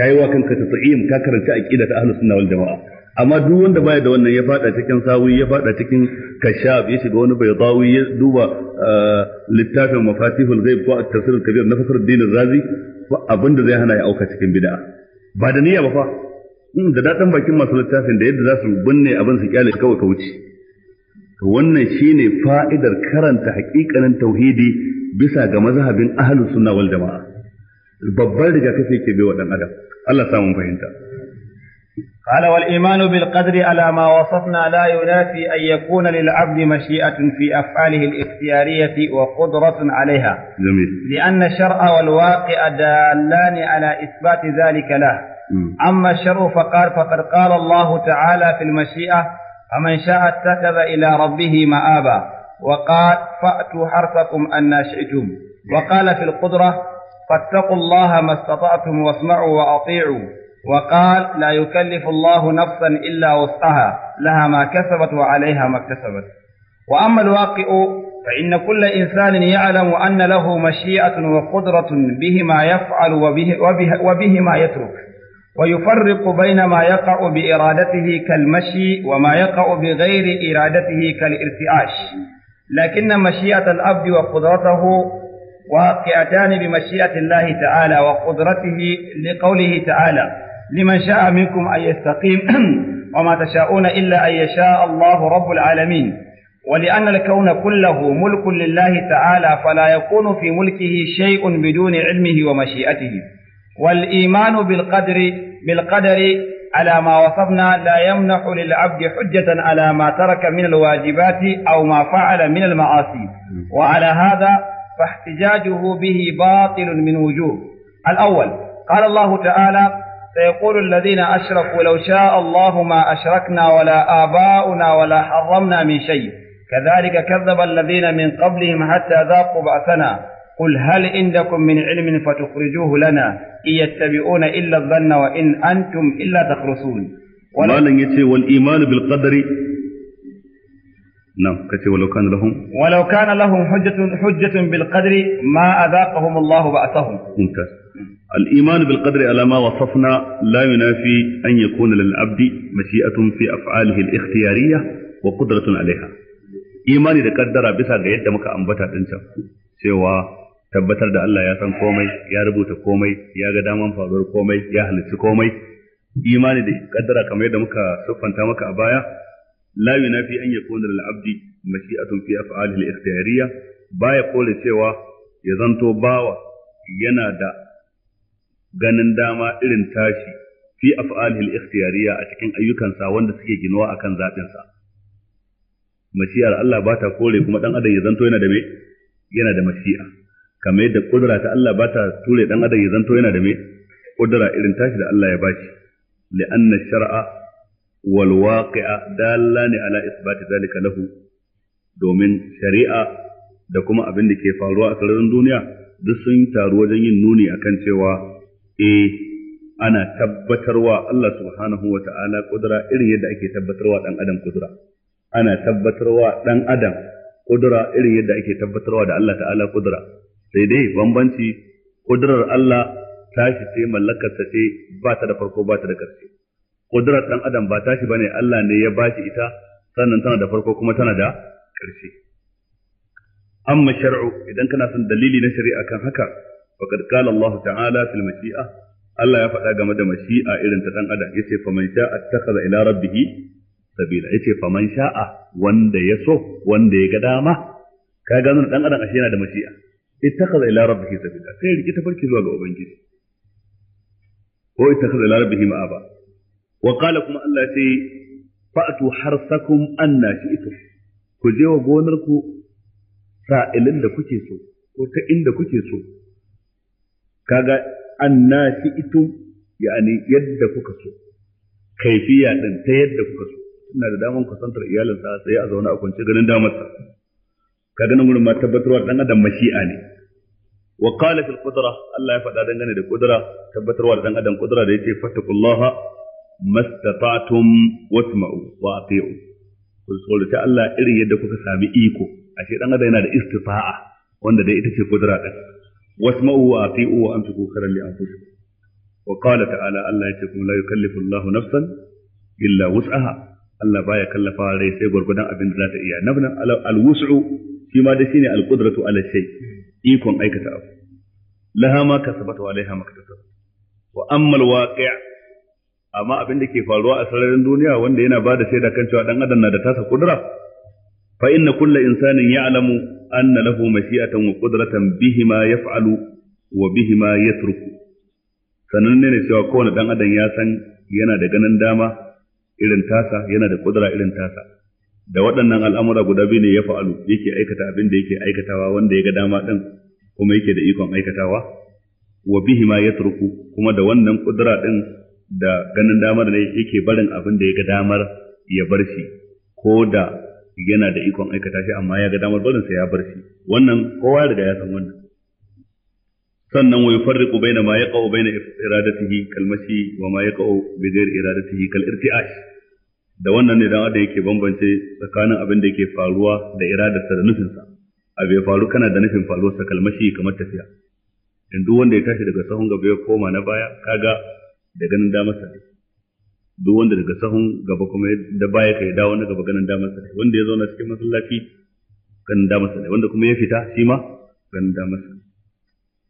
kai wa kanka ta tasa'im ka karanta aqida ta ahlus sunna wal jama'a amma duk wanda baya da wannan ya fada cikin sawi ya fada cikin kashab ya shiga wani baydawi ya duba eh, littafin mafatihul ghaib ko at-tafsir kabir na Fakhruddin Razi abinda zai hana ya auka cikin bid'a ba da niyya ba fa hmm, da dadan bakin masu littafin da yadda za su binne abin su kyale kawai ka wuce to wannan shine fa'idar karanta hakikanin tauhidi bisa ga mazhabin ahlus sunna wal jamaa babbar rigakafi ke bai wa dan adam Allah samun fahimta قال والإيمان بالقدر على ما وصفنا لا ينافي أن يكون للعبد مشيئة في أفعاله الاختيارية وقدرة عليها جميل. لأن الشرع والواقع دالان على إثبات ذلك له أما الشرع فقال فقد قال الله تعالى في المشيئة فمن شاء اتخذ إلى ربه مآبا وقال فأتوا حرثكم أن شئتم وقال في القدرة فاتقوا الله ما استطعتم واسمعوا وأطيعوا وقال لا يكلف الله نفسا إلا وسعها لها ما كسبت وعليها ما اكتسبت وأما الواقع فإن كل إنسان يعلم أن له مشيئة وقدرة به ما يفعل وبه, وبه, وبه ما يترك ويفرق بين ما يقع بإرادته كالمشي وما يقع بغير إرادته كالارتعاش لكن مشيئة الأب وقدرته واقعتان بمشيئة الله تعالى وقدرته لقوله تعالى لمن شاء منكم أن يستقيم وما تشاءون إلا أن يشاء الله رب العالمين ولأن الكون كله ملك لله تعالى فلا يكون في ملكه شيء بدون علمه ومشيئته والإيمان بالقدر بالقدر على ما وصفنا لا يمنح للعبد حجة على ما ترك من الواجبات أو ما فعل من المعاصي وعلى هذا فاحتجاجه به باطل من وجوه الأول قال الله تعالى سيقول الذين أشركوا لو شاء الله ما أشركنا ولا آباؤنا ولا حرمنا من شيء كذلك كذب الذين من قبلهم حتى ذاقوا بأسنا قل هل عندكم من علم فتخرجوه لنا إن يتبعون إلا الظن وإن أنتم إلا تخرصون ولن يتي والإيمان بالقدر نعم كتي ولو كان لهم ولو كان لهم حجة حجة بالقدر ما أذاقهم الله بأسهم ممتاز الإيمان بالقدر على ما alama wasafna ينافي أن يكون للعبد مشيئة في أفعاله الاختيارية وقدرة عليها إيماني da kaddara bisa ga yadda muka ambata din can cewa tabbatar da Allah ya san komai ya rubuta komai ya ga daman faruwar komai ya halarci komai imani da ƙaddara kamar yadda muka siffanta maka a baya la yunafi an yakuna lil abdi mashi'atun fi af'alihi al-ikhtiyariyya baya kore cewa ya zanto bawa yana da ganin dama irin tashi fi af'alihi al-ikhtiyariyya a cikin ayyukansa wanda suke ginuwa akan zaɓinsa. sa mashi'ar Allah ba ta kore kuma ɗan adam ya zanto yana da me yana da mashi'a kamar yadda kudura ta Allah ba ta ture ɗan adam ya zanto yana da me kudura irin tashi da Allah ya bashi li'anna shara'a, wal waqi'a ne ala isbati zalika lahu domin shari'a da kuma abin da ke faruwa a sararin duniya duk sun taru wajen yin nuni akan cewa eh ana tabbatarwa Allah subhanahu wa ta'ala kudura irin yadda ake tabbatarwa dan adam kudura ana tabbatarwa dan adam kudura irin yadda ake tabbatarwa da Allah ta'ala kudura sai dai bambanci kudurar Allah tashi ce mallakarsa ce ba ta da farko ba ta da ƙarshe kudurar dan adam ba tashi bane Allah ne ya ba shi ita sannan tana da farko kuma tana da ƙarshe amma shar'u idan kana son dalili na shari'a kan haka faqad qala Allah ta'ala fil mashi'a Allah ya faɗa game da a irin ta dan adam yace faman sha'a ittakhadha ila rabbih sabila yace faman sha'a wanda ya so wanda ya ga dama ka ga nan dan adam ashe yana da mashi'a ittakhadha ila rabbih sabila sai rike tafarki zuwa ga ubangiji ko ittakhadha ila rabbih ma'aba wa kuma Allah ce fa'atu harsakum anna shi'tum ku je wa gonarku sa'ilin da kuke so ko ta inda kuke so kaga shi ito, yani yadda kuka so kaifiya din ta yadda kuka so ina da damar kusantar iyalinsa a tsaye a zaune a kwance ganin damarsa ka ganin gurin ma tabbatarwa dan adam mashi'a ne wa qala fil qudra Allah ya faɗa dangane da kudura, tabbatarwa da dan adam kudura da yace fattaqullaha mastata'tum wasma'u wa ati'u ku ta Allah irin yadda kuka sami iko ashe dan adam yana da istifa'a wanda dai ita ce kudura din واسمعوا واطيعوا وانفقوا خيرا لانفسكم وقال تعالى الله يتكم لا يكلف الله نفسا الا وسعها الله بايا كلفا ري سي غرغدان ابين ذات iya nabna alwus'u shi ma da shine alqudratu ala shay ikon aikata abu laha ma kasabat wa wa amma alwaqi' amma abin da ke faruwa a sararin duniya wanda yana bada shaida kan cewa dan adam na da tasa kudura fa inna insanin ya'lamu أن له مشيئة وقدرة بهما يفعل وبهما يترك sananne ne cewa kowane ɗan adam ya san yana da ganin dama irin tasa yana da kudura irin tasa da waɗannan al'amura guda biyu ne ya fa'alu yake aikata abin da yake aikatawa wanda ya ga dama ɗin kuma yake da ikon aikatawa wa bihi ma yatruku kuma da wannan kudura ɗin da ganin damar ne yake barin abin da ya ga damar ya bar shi ko da yana da ikon aikata shi amma ya ga damar barin sa ya bar shi wannan kowa ya riga ya san wannan sannan wa yufarriqu baina ma yaqau baina iradatihi kalmashi wa ma yaqau bi ghairi iradatihi kal irtiash da wannan ne dan adam yake bambance tsakanin abin da yake faruwa da iradarsa da nufinsa a ya faru kana da nufin faruwar sa kalmashi kamar tafiya in duk wanda ya tashi daga sahun gaba ya koma na baya kaga da ganin damar sa duk wanda daga sahun gaba kuma da baya kai dawo na gaba ganin damar sa wanda ya zauna cikin masallaci ganin damar sa wanda kuma ya fita shi ma ganin damar sa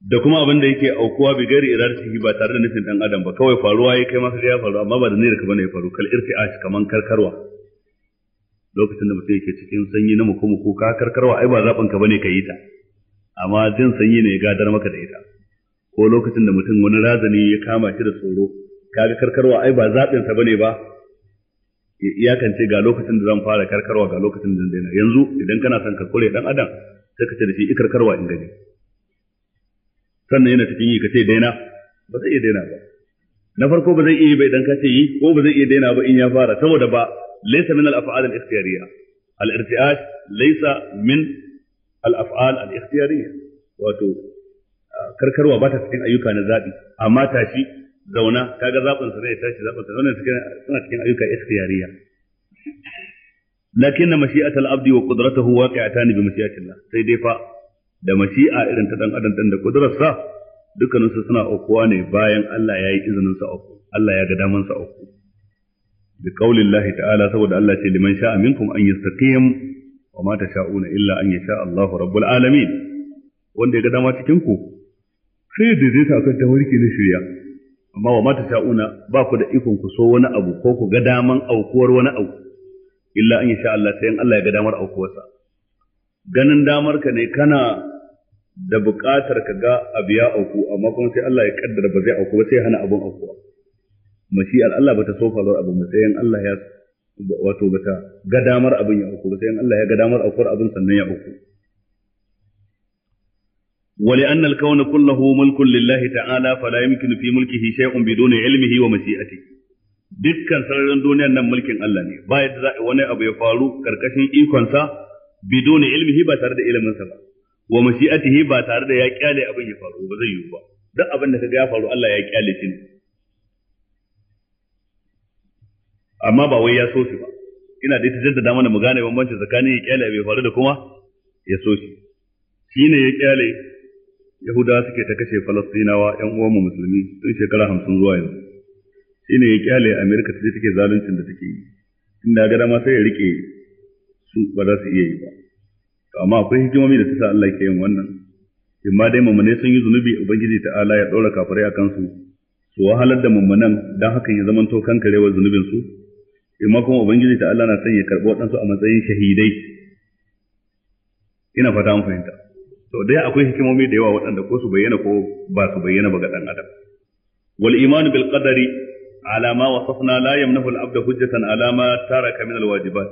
da kuma abin da yake aukuwa bi gari shi ba tare da nufin dan adam ba kawai faruwa ya kai masa ya faru amma ba da ne ka bane ya faru kal irti'ash kaman karkarwa lokacin da mutum yake cikin sanyi na muku muku ka karkarwa ai ba zaben ka bane ka yi ta amma jin sanyi ne ya gadar maka da ita ko lokacin da mutum wani razani ya kama shi da tsoro kaga karkarwa ai ba zaɓin sa bane ba ya kance ga lokacin da zan fara karkarwa ga lokacin da zan daina yanzu idan kana son ka kure dan adam sai ka ce da shi karkarwa in gani sannan yana cikin yi ka ce daina ba zai iya daina ba na farko ba zai iya ba idan ka ce yi ko ba zai iya daina ba in ya fara saboda ba laysa min al-af'al al-ikhtiyariyya al irtiyaj laysa min al-af'al al-ikhtiyariyya wato karkarwa ba ta cikin ayyuka na zabi amma tashi zauna kaga zaɓin sa zai tashi zaɓin sa wannan suna cikin ayyuka ikhtiyariya lakinna mashi'at al-abdi wa qudratuhu waqi'atan bi mashi'atillah sai dai fa da mashi'a irin ta dan adam dan da sa dukkanin su suna aukuwa ne bayan Allah ya yi izinin sa auku Allah ya ga daman sa auku bi qaulillahi ta'ala saboda Allah ce liman sha'a minkum an yastaqim wa ma tasha'una illa an yasha Allahu rabbul alamin wanda ya ga dama cikin ku sai zai daidaita akan tawarki na shirya amma wa mata sha'una ba ku da ikon ku so wani abu ko ku ga daman aukuwar wani abu illa an sha Allah sai in Allah ya ga damar aukuwarsa ganin damar ka ne kana da buƙatar ka ga abu ya auku amma kuma sai Allah ya kaddara ba zai auku ba sai hana abun aukuwa mashi'ar Allah bata so faruwar abu ba sai Allah ya wato bata ga damar abin ya auku ba sai Allah ya ga damar aukuwar abin sannan ya auku ولأن الكون كله ملك لله تعالى فلا يمكن في ملكه شيء بدون علمه ومشيئته dukkan sararin duniyar nan mulkin Allah ne ba yadda za wani abu ya faru karkashin ikonsa bidoni ilmihi ba tare da iliminsa ba wa mashi'atihi ba tare da ya kyale abin ya faru ba zai yiwu ba duk abin da kaga ya faru Allah ya kyale shi amma ba wai ya so shi ba ina da ita jaddada mana mu gane bambanci tsakanin ya kyale ya faru da kuma ya so shi shine ya kyale yahuda suke ta kashe falastinawa yan uwanmu musulmi tun shekara hamsin zuwa yanzu ne ya kyale amerika ta take zaluncin da take yi inda ga dama sai ya rike su ba za su iya yi ba to amma akwai hikimomi da ta sa Allah ke yin wannan Imma dai mamane sun yi zunubi ubangiji Allah ya ɗora kafirai a su su wahalar da mamanan don hakan ya zamanto kankarewar zunubin su Imma kuma ubangiji Allah na son ya karɓi waɗansu a matsayin shahidai ina fata mun fahimta to dai akwai hikimomi da yawa waɗanda ko su bayyana ko ba su bayyana ba ga ɗan adam wal imanu bil qadari ala ma wasafna la yamnahu al abdu hujjatan ala ma taraka min al wajibat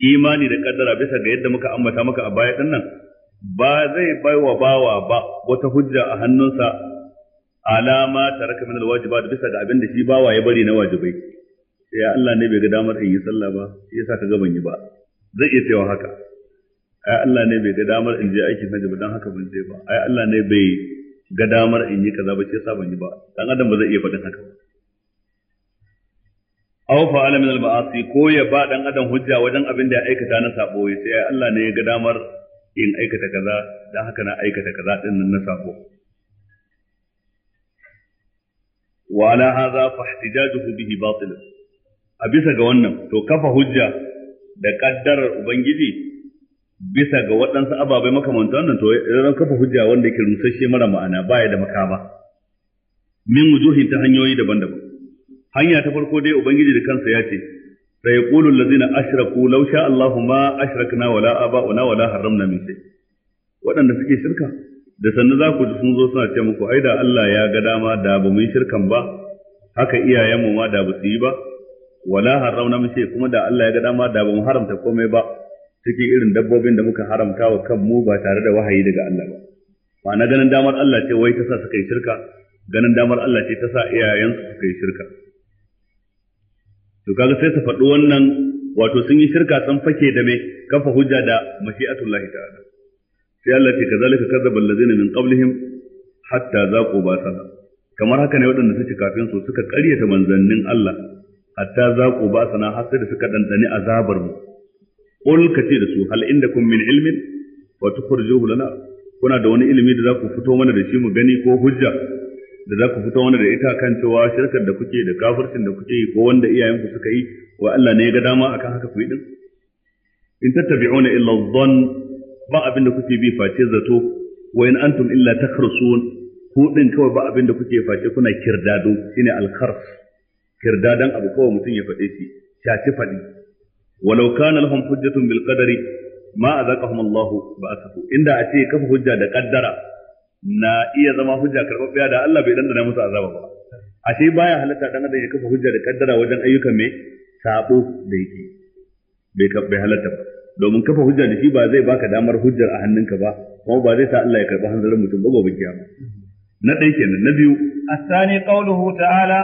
imani da qadara bisa ga yadda muka ambata maka a baya dinnan ba zai baiwa bawa ba wata hujja a hannunsa alama taraka min alwajibat bisa ga abinda da shi bawa ya bari na wajibai sai Allah ne bai ga damar in yi sallah ba sai yasa saka ban yi ba zai iya cewa haka ai Allah ne bai ga damar in je aikin hajji ba dan haka ban je ba ai Allah ne bai ga damar in yi kaza ba shi yasa ban yi ba dan adam ba zai iya faɗin haka ba aw fa'ala min al-ma'asi ko ya ba dan adam hujja wajen abin da ya aikata na sabo ya sai Allah ne ya ga damar in aikata kaza dan haka na aikata kaza din nan na sabo wa ala hadha fa ihtijajuhu bihi batil a bisa ga wannan to kafa hujja da kaddarar ubangiji bisa ga waɗansu ababai makamanta wannan to ran kafa hujja wanda yake rusasshe mara ma'ana baya da makama min wujuhin ta hanyoyi daban-daban hanya ta farko dai ubangiji da kansa ya ce sai Kulu, allazina ashraku law sha Allahu ma ashrakna wala aba'una wala harramna min shay waɗanda suke shirka da sannu za ku ji sun zo suna ce muku ai da Allah ya ga dama da ba mun shirkan ba haka iyayenmu ma da ba su yi ba wala harramna min shay kuma da Allah ya ga dama da ba mu haramta komai ba cikin irin dabbobin da muka haramta wa kanmu ba tare da wahayi daga Allah ba ma'ana ganin damar Allah ce wai ta sa suka yi shirka ganin damar Allah ce ta sa iyayensu suka yi shirka to kaga sai su faɗi wannan wato sun yi shirka sun fake da me kafa hujja da mashi'atullahi ta'ala sai Allah ce kazalika kadzaba allazina min qablihim hatta zaqu basana kamar haka ne waɗanda suke kafin su suka ƙaryata manzannin Allah hatta zaqu basana har sai da suka dandani azabar mu qul kace da su hal indakum min ilmin wa tukhrijuhu lana kuna da wani ilimi da za ku fito mana da shi mu gani ko hujja da za ku fito mana da ita kan cewa shirkar da kuke da kafircin da kuke yi ko wanda iyayenku suka yi wa Allah ne ya ga dama akan haka ku yi din in tattabi'una illa dhann ba abin da kuke bi face zato wa in illa takhrusun ku din kawai ba abin da kuke face kuna kirdado shine al-kharf kirdadan abu kawai mutum ya faɗe shi shaci faɗi walau kana lahum hujjatun bil qadari ma azaqahum Allah ba'athu inda a ce kafa hujja da kaddara na iya zama hujja karbabbiya da Allah bai dandana musu azaba ba ashe baya halatta dan adam ya kafa hujja da kaddara wajen ayyukan me sabo da bai bai domin kafa hujja da shi ba zai baka damar hujjar a hannunka ba kuma ba zai sa Allah ya karbi hanzarin mutum ba gobe kiyama na ɗaya na biyu sani qauluhu ta'ala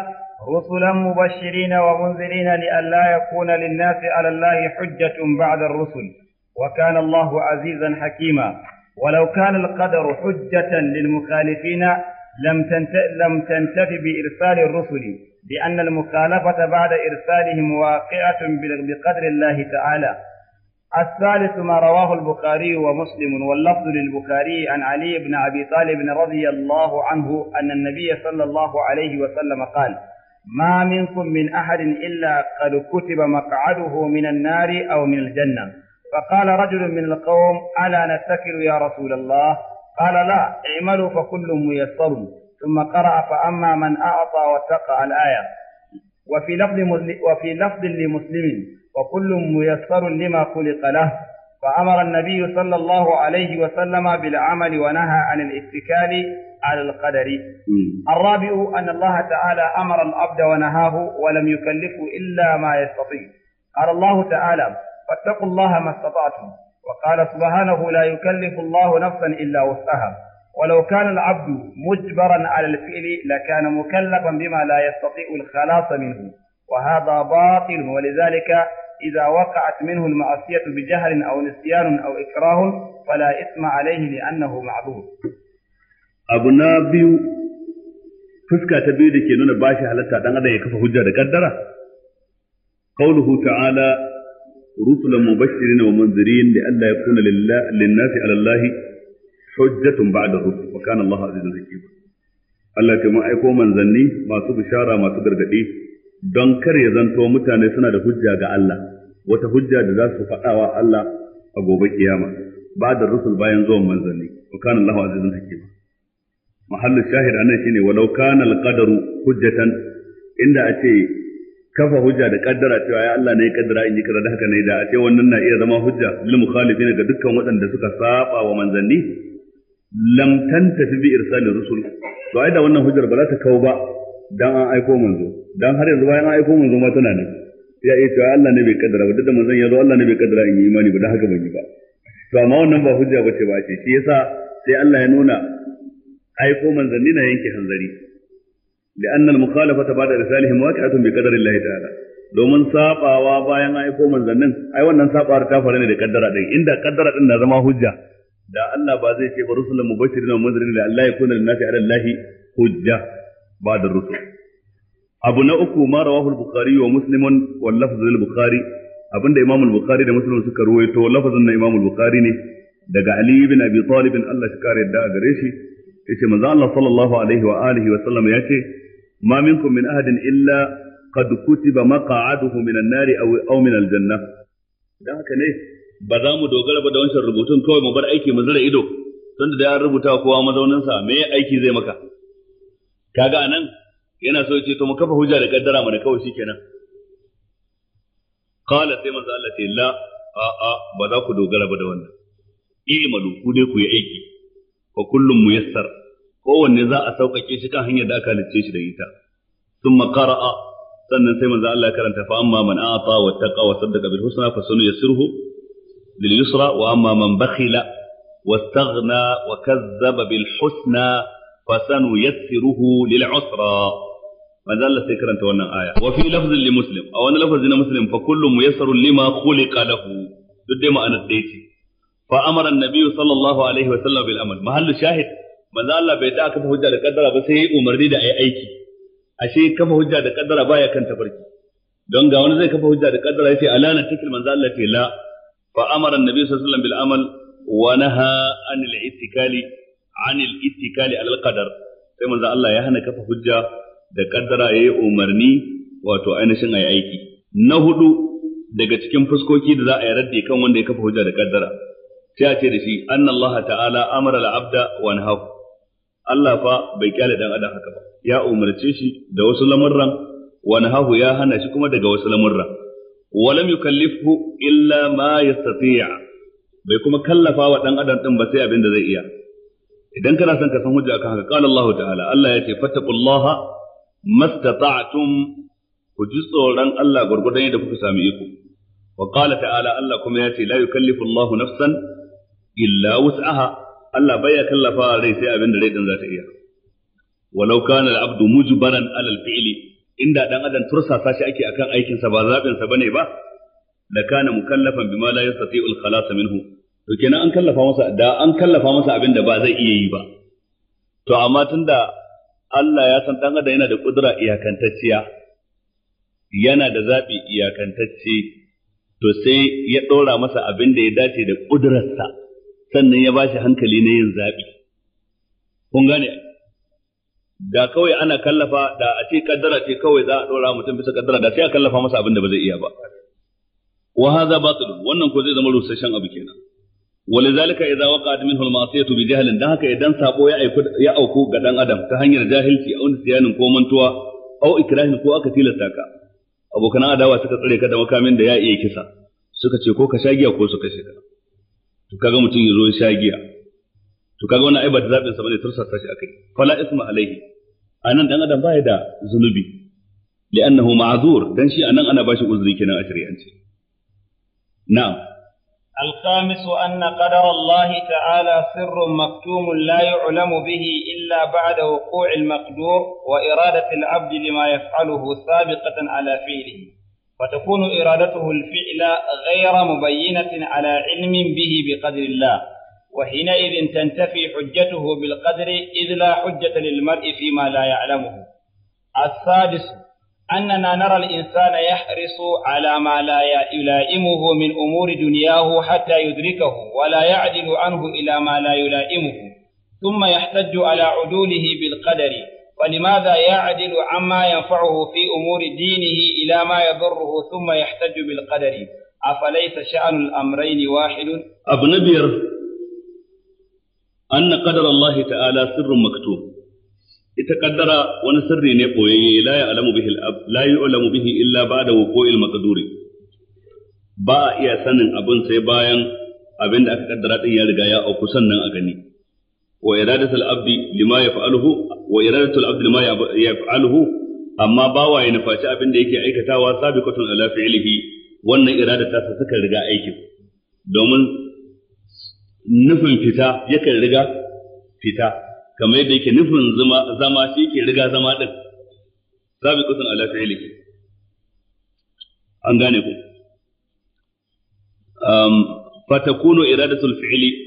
رسلا مبشرين ومنذرين لئلا يكون للناس على الله حجة بعد الرسل وكان الله عزيزا حكيما ولو كان القدر حجة للمخالفين لم لم تنتف بإرسال الرسل لأن المخالفة بعد إرسالهم واقعة بقدر الله تعالى الثالث ما رواه البخاري ومسلم واللفظ للبخاري عن علي بن أبي طالب رضي الله عنه أن النبي صلى الله عليه وسلم قال ما منكم من أحد إلا قد كتب مقعده من النار أو من الجنة فقال رجل من القوم ألا نتكل يا رسول الله قال لا اعملوا فكل ميسر ثم قرأ فأما من أعطى واتقى الآية وفي لفظ وفي لفظ لمسلم وكل ميسر لما خلق له فأمر النبي صلى الله عليه وسلم بالعمل ونهى عن الاتكال على القدر الرابع أن الله تعالى أمر العبد ونهاه ولم يكلفه إلا ما يستطيع قال الله تعالى فاتقوا الله ما استطعتم وقال سبحانه لا يكلف الله نفسا إلا وسعها ولو كان العبد مجبرا على الفعل لكان مكلفا بما لا يستطيع الخلاص منه وهذا باطل ولذلك إذا وقعت منه المعصية بجهل أو نسيان أو إكراه فلا إثم عليه لأنه معذور abu na biyu fuska ta biyu da ke nuna bashi shi halatta dan adam ya kafa hujja da kaddara qauluhu ta'ala rusulan mubashirin wa munzirin li alla yakuna lin-nasi 'ala Allahi hujjatun ba'da rusul wa kana Allahu azizun hakima Allah ta aiko manzanni masu bishara masu gargadi don kar ya zanto mutane suna da hujja ga Allah wata hujja da za su faɗawa Allah a gobe kiyama ba da rusul bayan zuwan manzanni wa kana Allahu azizun hakima mahallu shahid anan shine walau kana alqadaru hujjatan inda a ce kafa hujja da kaddara cewa ya Allah ne ya kaddara in yi kaza da haka ne da a ce wannan na iya zama hujja lil mukhalifin ga dukkan waɗanda suka saba wa manzanni lam tantafi bi irsalir rusul to ai da wannan hujjar ba za ta kawo ba dan an aiko manzo dan har yanzu bayan an aiko manzo ma tana ne ya iya cewa Allah ne bai kaddara ba duk da manzon ya zo Allah ne bai kaddara in yi imani ba da haka ban yi ba to amma wannan ba hujja bace ba ce shi yasa sai Allah ya nuna aiko manzanni na yanke hanzari Da لأن المخالفة بعد رسالهم واقعة بقدر الله تعالى domin sabawa bayan aiko manzannin ai wannan sabawar ta faru ne da kaddara din inda kaddara din na zama hujja da Allah ba zai ce ba rusulun mubashirin wa munzirin da Allah ya kuna lillahi ala Allahi hujja ba da rusul abu na uku ma rawahu al-bukhari wa muslimun wal lafzu al-bukhari abinda imam al-bukhari da muslim suka ruwaito lafazin na imam al-bukhari ne daga ali ibn abi talib Allah shi kare da gare shi yace manzo Allah sallallahu alaihi wa alihi wa sallam yace ma minkum min ahadin illa qad kutiba maq'aduhu min an-nari aw aw min al-janna dan haka ne ba za mu dogara ba da wancan rubutun kawai mu bar aiki mu zura ido tunda da ya rubuta kowa mazauninsa me aiki zai maka kaga anan yana so ce to mu kafa hujja da kaddara mu da kawai shikenan qala sai manzo Allah ce la a a ba za ku dogara ba da wannan i'malu ku dai ku yi aiki wa kullum muyassar kowanne za a sauƙaƙe shi kan hanyar da aka halicce shi da ita thumma qara'a sannan sai manzo Allah ya karanta fa amma man a'ata wa taqa wa saddaqa bil husna fa sunu yasiruhu lil yusra wa amma man bakhila واستغنى وكذب بالحسنى فسنيسره للعسرى ما زال سيكرا تونا آية وفي لفظ لمسلم أو أنا لفظ لمسلم فكل ميسر لما خلق له duk dai ma'anar ɗaya ce fa amara annabi sallallahu alaihi wa sallam bil amal mahallu shahid manzo Allah bai da kafa hujja da kaddara ba sai umarni da ayi aiki ashe kafa hujja da kaddara baya kan tabarki don ga wani zai kafa hujja da kaddara yace alana tikil manzo Allah ce la fa amara annabi sallallahu alaihi wa sallam bil amal wa naha anil ittikali anil ittikali alal qadar sai manzo Allah ya hana kafa hujja da kaddara yayi umarni wato ainihin ayi aiki na hudu daga cikin fuskoki da za a yi raddi kan wanda ya kafa hujja da kaddara sai a ce da shi anna Allah ta'ala amara al-abda wa nahahu Allah fa bai kyale dan adam haka ba ya umarce shi da wasu lamurran wa nahahu ya hana shi kuma daga wasu lamurran wa lam yukallifhu illa ma yastati'a bai kuma kallafa wa dan adam din ba sai abin da zai iya idan kana son ka san hujja akan haka qala Allah ta'ala Allah ya ce fattaqullaha mastata'tum ku ji tsoron Allah gurgurdan yadda kuka sami iko wa qala ta'ala Allah kuma ya ce la yukallifu Allahu nafsan illa wus'aha Allah baya kallafa rai sai abin da rai din za ta iya walau kana al-abdu mujbaran ala al-fi'li inda dan adam tursasa shi ake akan aikin sa ba zabin sa bane ba la kana mukallafan bima la yastati'u al-khalas minhu to kenan an kallafa masa da an kallafa masa abin da ba zai iya yi ba to amma tunda Allah ya san dan adam yana da kudura iyakantacciya yana da zabi iyakantacce to sai ya ɗora masa abin da ya dace da ƙudurarsa sannan ya ba shi hankali na yin zaɓi kun gane da kawai ana kallafa da a ce kaddara ce kawai za a ɗora mutum bisa kaddara da sai a kallafa masa abin da ba zai iya ba wa hadha batil wannan ko zai zama rusasshen abu kenan ولذلك إذا وقعت منه المعصية بجهل ده هكا إذا سابو يا ya auku ga أدم adam ta hanyar jahilci a wani إكراه ko mantuwa, au ko aka tilasta ka. abokan adawa suka tsare ka da makamin da ya iya kisa suka ce ko ka sha giya ko suka shiga to kaga mutum ya zo ya sha giya to kaga wannan ai ba da sa bane tursasa shi akai fala isma alaihi anan dan adam baya da zunubi li'annahu ma'zur dan shi anan ana bashi uzuri kenan a shari'ance na'am الخامس أن قدر الله تعالى سر مكتوم لا يعلم به إلا بعد وقوع المقدور وإرادة العبد لما يفعله سابقة على فعله فتكون إرادته الفعل غير مبينة على علم به بقدر الله وحينئذ تنتفي حجته بالقدر إذ لا حجة للمرء فيما لا يعلمه السادس أننا نرى الإنسان يحرص على ما لا يلائمه من أمور دنياه حتى يدركه ولا يعدل عنه إلى ما لا يلائمه ثم يحتج على عدوله بالقدر ولماذا يعدل عما ينفعه في أمور دينه إلى ما يضره ثم يحتج بالقدر أفليس شأن الأمرين واحد أبن بير أن قدر الله تعالى سر مكتوب يتقدر ونسر نقوي لا يعلم به الأب لا يعلم به إلا بعد وقوع المقدور با يا سنن ابن سي باين ابن abin da aka kaddara din ya riga ya wa iradatul abdi lima yaf'aluhu wa iradatul abdi lima yaf'aluhu amma bawa ya nufaci abin da yake aikatawa sabiqatun ala fi'lihi wannan irada ta suka riga aikin domin nufin fita yakan riga fita kamar yadda yake nufin zama zama shi ke riga zama din sabiqatun ala fi'lihi an gane ku um fatakunu iradatul fi'li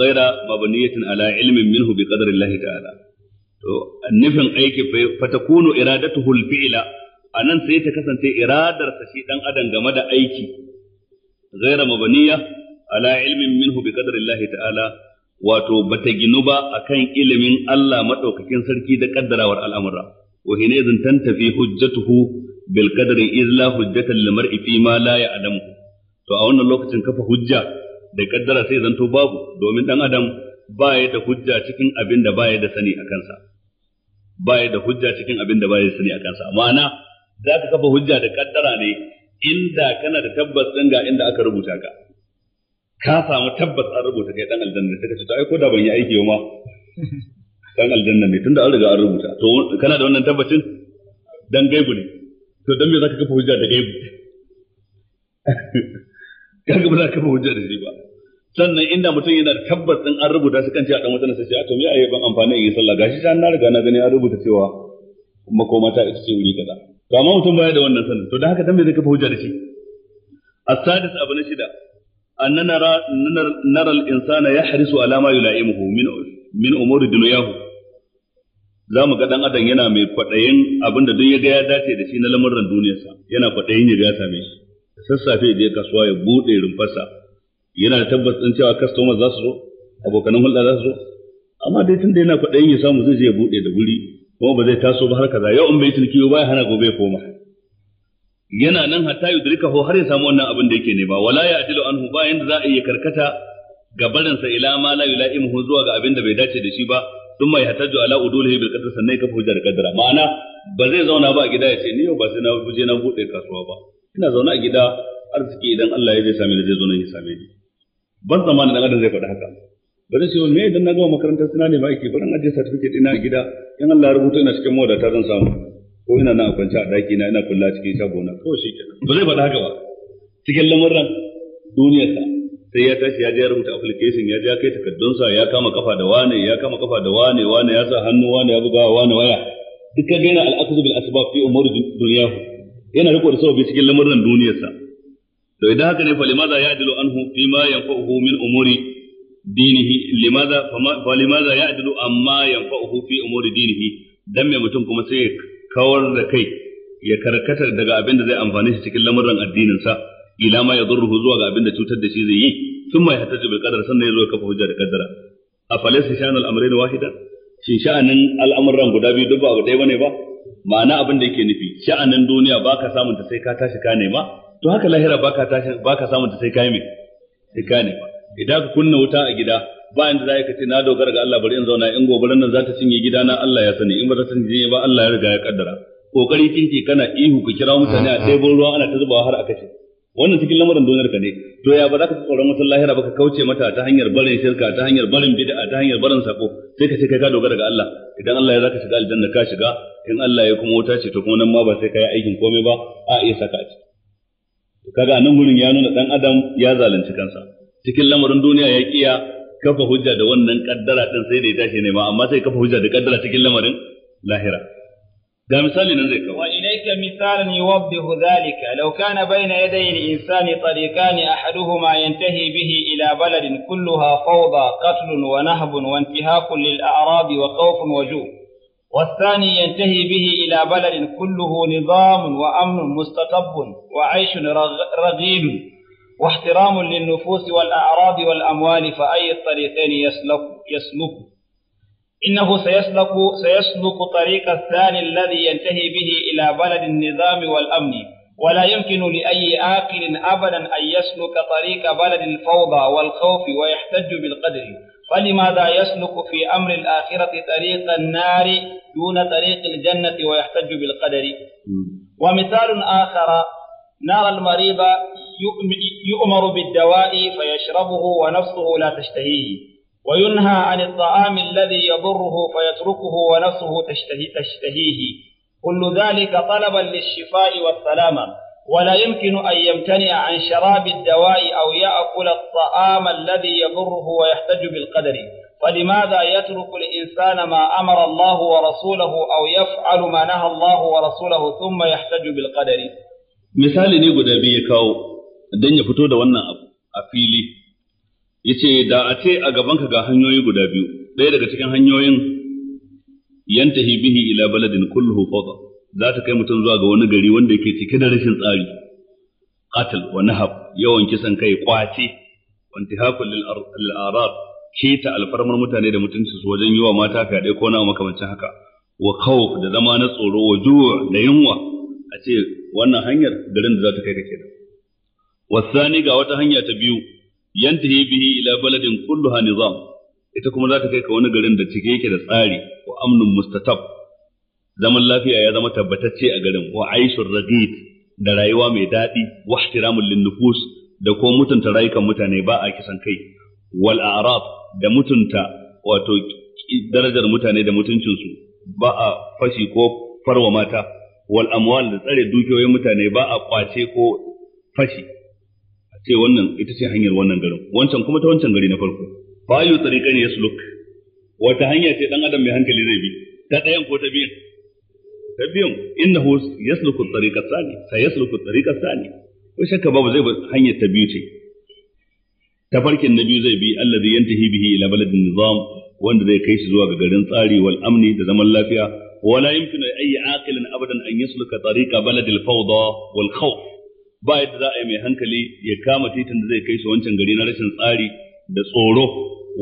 ghaira mabniyatin ala ilmin minhu bi qadri Allah ta'ala to nufin aiki fatakunu iradatuhu al-fi'la anan sai ta kasance iradar shi dan adan game da aiki ghaira mabniya ala ilmin minhu bi qadri Allah ta'ala wato bata ginu ba a kan ilimin Allah madaukakin sarki da kaddarawar al'amura wa hinazin tantafi hujjatuhu bil qadri iz la hujjatan limar'i fi ma la ya'lamu to a wannan lokacin kafa hujja da kaddara sai zanto babu domin dan adam ba ya da hujja cikin abin da ba ya da sani a kansa ba ya da hujja cikin abin da ba ya da sani a kansa ma'ana za ka kafa hujja da kaddara ne inda kana da tabbas din ga inda aka rubuta ka ka samu tabbas an rubuta kai dan aljanna sai ka ce to ai ko da ban yi aiki yau ma dan aljanna ne tunda an riga an rubuta to kana da wannan tabbacin dan gaibu ne to dan me zaka kafa hujja da gaibu kaga ba za ka hujja da shi ba sannan inda mutum yana da tabbas din an rubuta shi kan cewa dan wata sai a to me ayi ban amfani in yi sallah gashi sai na riga na gani an rubuta cewa makoma ta ita ce wuri kaza to amma mutum baya da wannan sanin to da haka dan me zai kafa hujja da shi na shida نشدة Nara Nara al-insana yahrisu ala ma yula'imuhu min min umuri dunyahu za mu ga ɗan adam yana mai kwadayin abin da duk ya ga ya dace da shi na lamarin duniyarsa yana kwadayin ya ga ya same shi sassafe je kasuwa ya bude rumfarsa yana da tabbas din cewa customers za su zo abokanan hulɗa za su zo amma dai tun da yana kwaɗayin ya samu zai je ya bude da wuri kuma ba zai taso ba har kaza yau in bai ciniki ba ya hana gobe koma yana nan hatta kaho har ya samu wannan abin da yake ne ba wala ya adilu anhu ba yanda za a iya karkata gabarinsa ila ma la yula'imuhu zuwa ga abin da bai dace da shi ba tun mai hatajju ala udulihi bil qadr sannan kafa hujjar qadara ma'ana ba zai zauna ba a gida ya ce ni yau ba sai na buje na bude kasuwa ba ina zaune a gida arziki idan Allah ya zai same ni zai zo nan ya same ni ban zamanin dan adam zai faɗi haka ba zai ce wani idan na gama makarantar suna ne ba ake barin ajiye certificate ina a gida in Allah ya rubuta ina cikin ta zan samu ko ina na kwance a ɗaki na ina kulla cikin shago na, ko shi kenan ba zai faɗi haka ba cikin lamarin ta sai ya tashi ya je ya rubuta application ya je ya kai takardunsa ya kama kafa da wane ya kama kafa da wane wane ya sa hannu wane ya buga wane waya duk ka gaina al'akuzu bil asbab fi umuri dunyahu yana riko da sababi cikin lamarin duniyarsa to idan haka ne fa limaza ya'dilu anhu fi ma yanfa'uhu min umuri dinihi limaza fa limaza ya'dilu amma yanfa'uhu fi umuri dinihi dan me mutum kuma sai kawar da kai ya karkata daga abin da zai amfane shi cikin lamarin addinin sa ila ma yadurruhu zuwa ga abin da cutar da shi zai yi thumma yahtaju bil qadar sannan ya ya kafa hujja da qaddara afalaysa sha'anul amrayn wahidan shin sha'anin al'amuran guda biyu duk ba abu bane ba ma'ana abin da yake nufi sha'anin duniya baka samun ta sai ka tashi ka nema to haka lahira baka tashi baka samun ta sai ka yi sai ka nema idan ka kunna wuta a gida ba inda za ka ce na dogara ga Allah bari in zauna in gobaran nan za ta cinye gida na Allah ya sani in ba za ta cinye ba Allah ya riga ya kaddara kokari kinki kana ihu ka kira mutane a ɗebo ruwa ana ta zubawa har a kashe wannan cikin lamarin duniyar ka ne to ya ba za ka fi tsoron wutar lahira ba ka kauce mata ta hanyar barin shirka ta hanyar barin bid'a ta hanyar barin sako sai ka ce kai ka dogara ga Allah idan Allah ya zaka shiga aljanna ka shiga in Allah ya kuma wuta ce to kuma nan ma ba sai kai aikin komai ba a iya saka ci kaga nan gurin ya nuna dan adam ya zalunci kansa cikin lamarin duniya ya kiya kafa hujja da wannan kaddara din sai da ya tashi ne ma amma sai kafa hujja da kaddara cikin lamarin lahira ga misali nan zai kawo wa ilayka misalan zalika law kana bayna yaday al-insani لو ahaduhuma yantahi bihi ila baladin kulluha fawda qatlun wa nahbun wa فوضى lil a'rab wa khawfun wa ju' والثاني ينتهي به إلى بلد كله نظام وأمن مستطب وعيش رغيب واحترام للنفوس والأعراض والأموال فأي الطريقين يسلك يسلك إنه سيسلك سيسلك طريق الثاني الذي ينتهي به إلى بلد النظام والأمن ولا يمكن لأي آكل أبدا أن يسلك طريق بلد الفوضى والخوف ويحتج بالقدر فلماذا يسلك في أمر الآخرة طريق النار دون طريق الجنة ويحتج بالقدر ومثال آخر نرى المريض يؤمر بالدواء فيشربه ونفسه لا تشتهيه وينهى عن الطعام الذي يضره فيتركه ونفسه تشتهيه, تشتهيه كل ذلك طلبا للشفاء والسلامة ولا يمكن أن يمتنع عن شراب الدواء أو يأكل الطعام الذي يضره ويحتج بالقدر فلماذا يترك الإنسان ما أمر الله ورسوله أو يفعل ما نهى الله ورسوله ثم يحتج بالقدر misali ne guda biyu ya kawo don ya fito da wannan a fili ya ce da a ce a gabanka ga hanyoyi guda biyu ɗaya daga cikin hanyoyin yantahi bihi ila baladin kulluhu za ta kai mutum zuwa ga wani gari wanda yake cike da rashin tsari qatl wa nahab yawan kisan kai kwace wantihakul lil arab keta alfarmar mutane da mutunci su wajen yi wa mata fyaɗe ko na makamancin haka wa khawf da zama na tsoro wa ju' da yunwa a ce wannan hanyar garin da za ta kai ka kenan wasani ga wata hanya ta biyu yantahi bihi ila baladin kulluha nizam ita kuma za ta kai ka wani garin da cike yake da tsari wa amnun mustatab zaman lafiya ya zama tabbatacce a garin wa aishur ragid da rayuwa mai daɗi wa ihtiramul linnufus da ko mutunta rayukan mutane ba a kisan kai wal a'rab da mutunta wato darajar mutane da mutuncinsu ba a fashi ko farwa mata wal amwal da tsare dukiyoyin mutane ba a kwace ko fashi a ce wannan ita ce hanyar wannan garin wancan kuma ta wancan gari na farko fa yu tariqan yasluk wata hanya ce dan adam mai hankali zai bi ta ɗayan ko ta biyan تبيهم إنه يسلك الطريق الثاني سيسلك الطريق الثاني وشك باب زي هنية تبيوتي تفرك النبي زي بي الذي ينتهي به إلى بلد النظام وأن ذي كيس زواج قرن صاري والأمن الله فيها ولا يمكن أي عاقل أبدا أن يسلك طريق بلد الفوضى والخوف بعد ذا mai hankali ya kama titin da zai kai shi wancan gari na rashin tsari da tsoro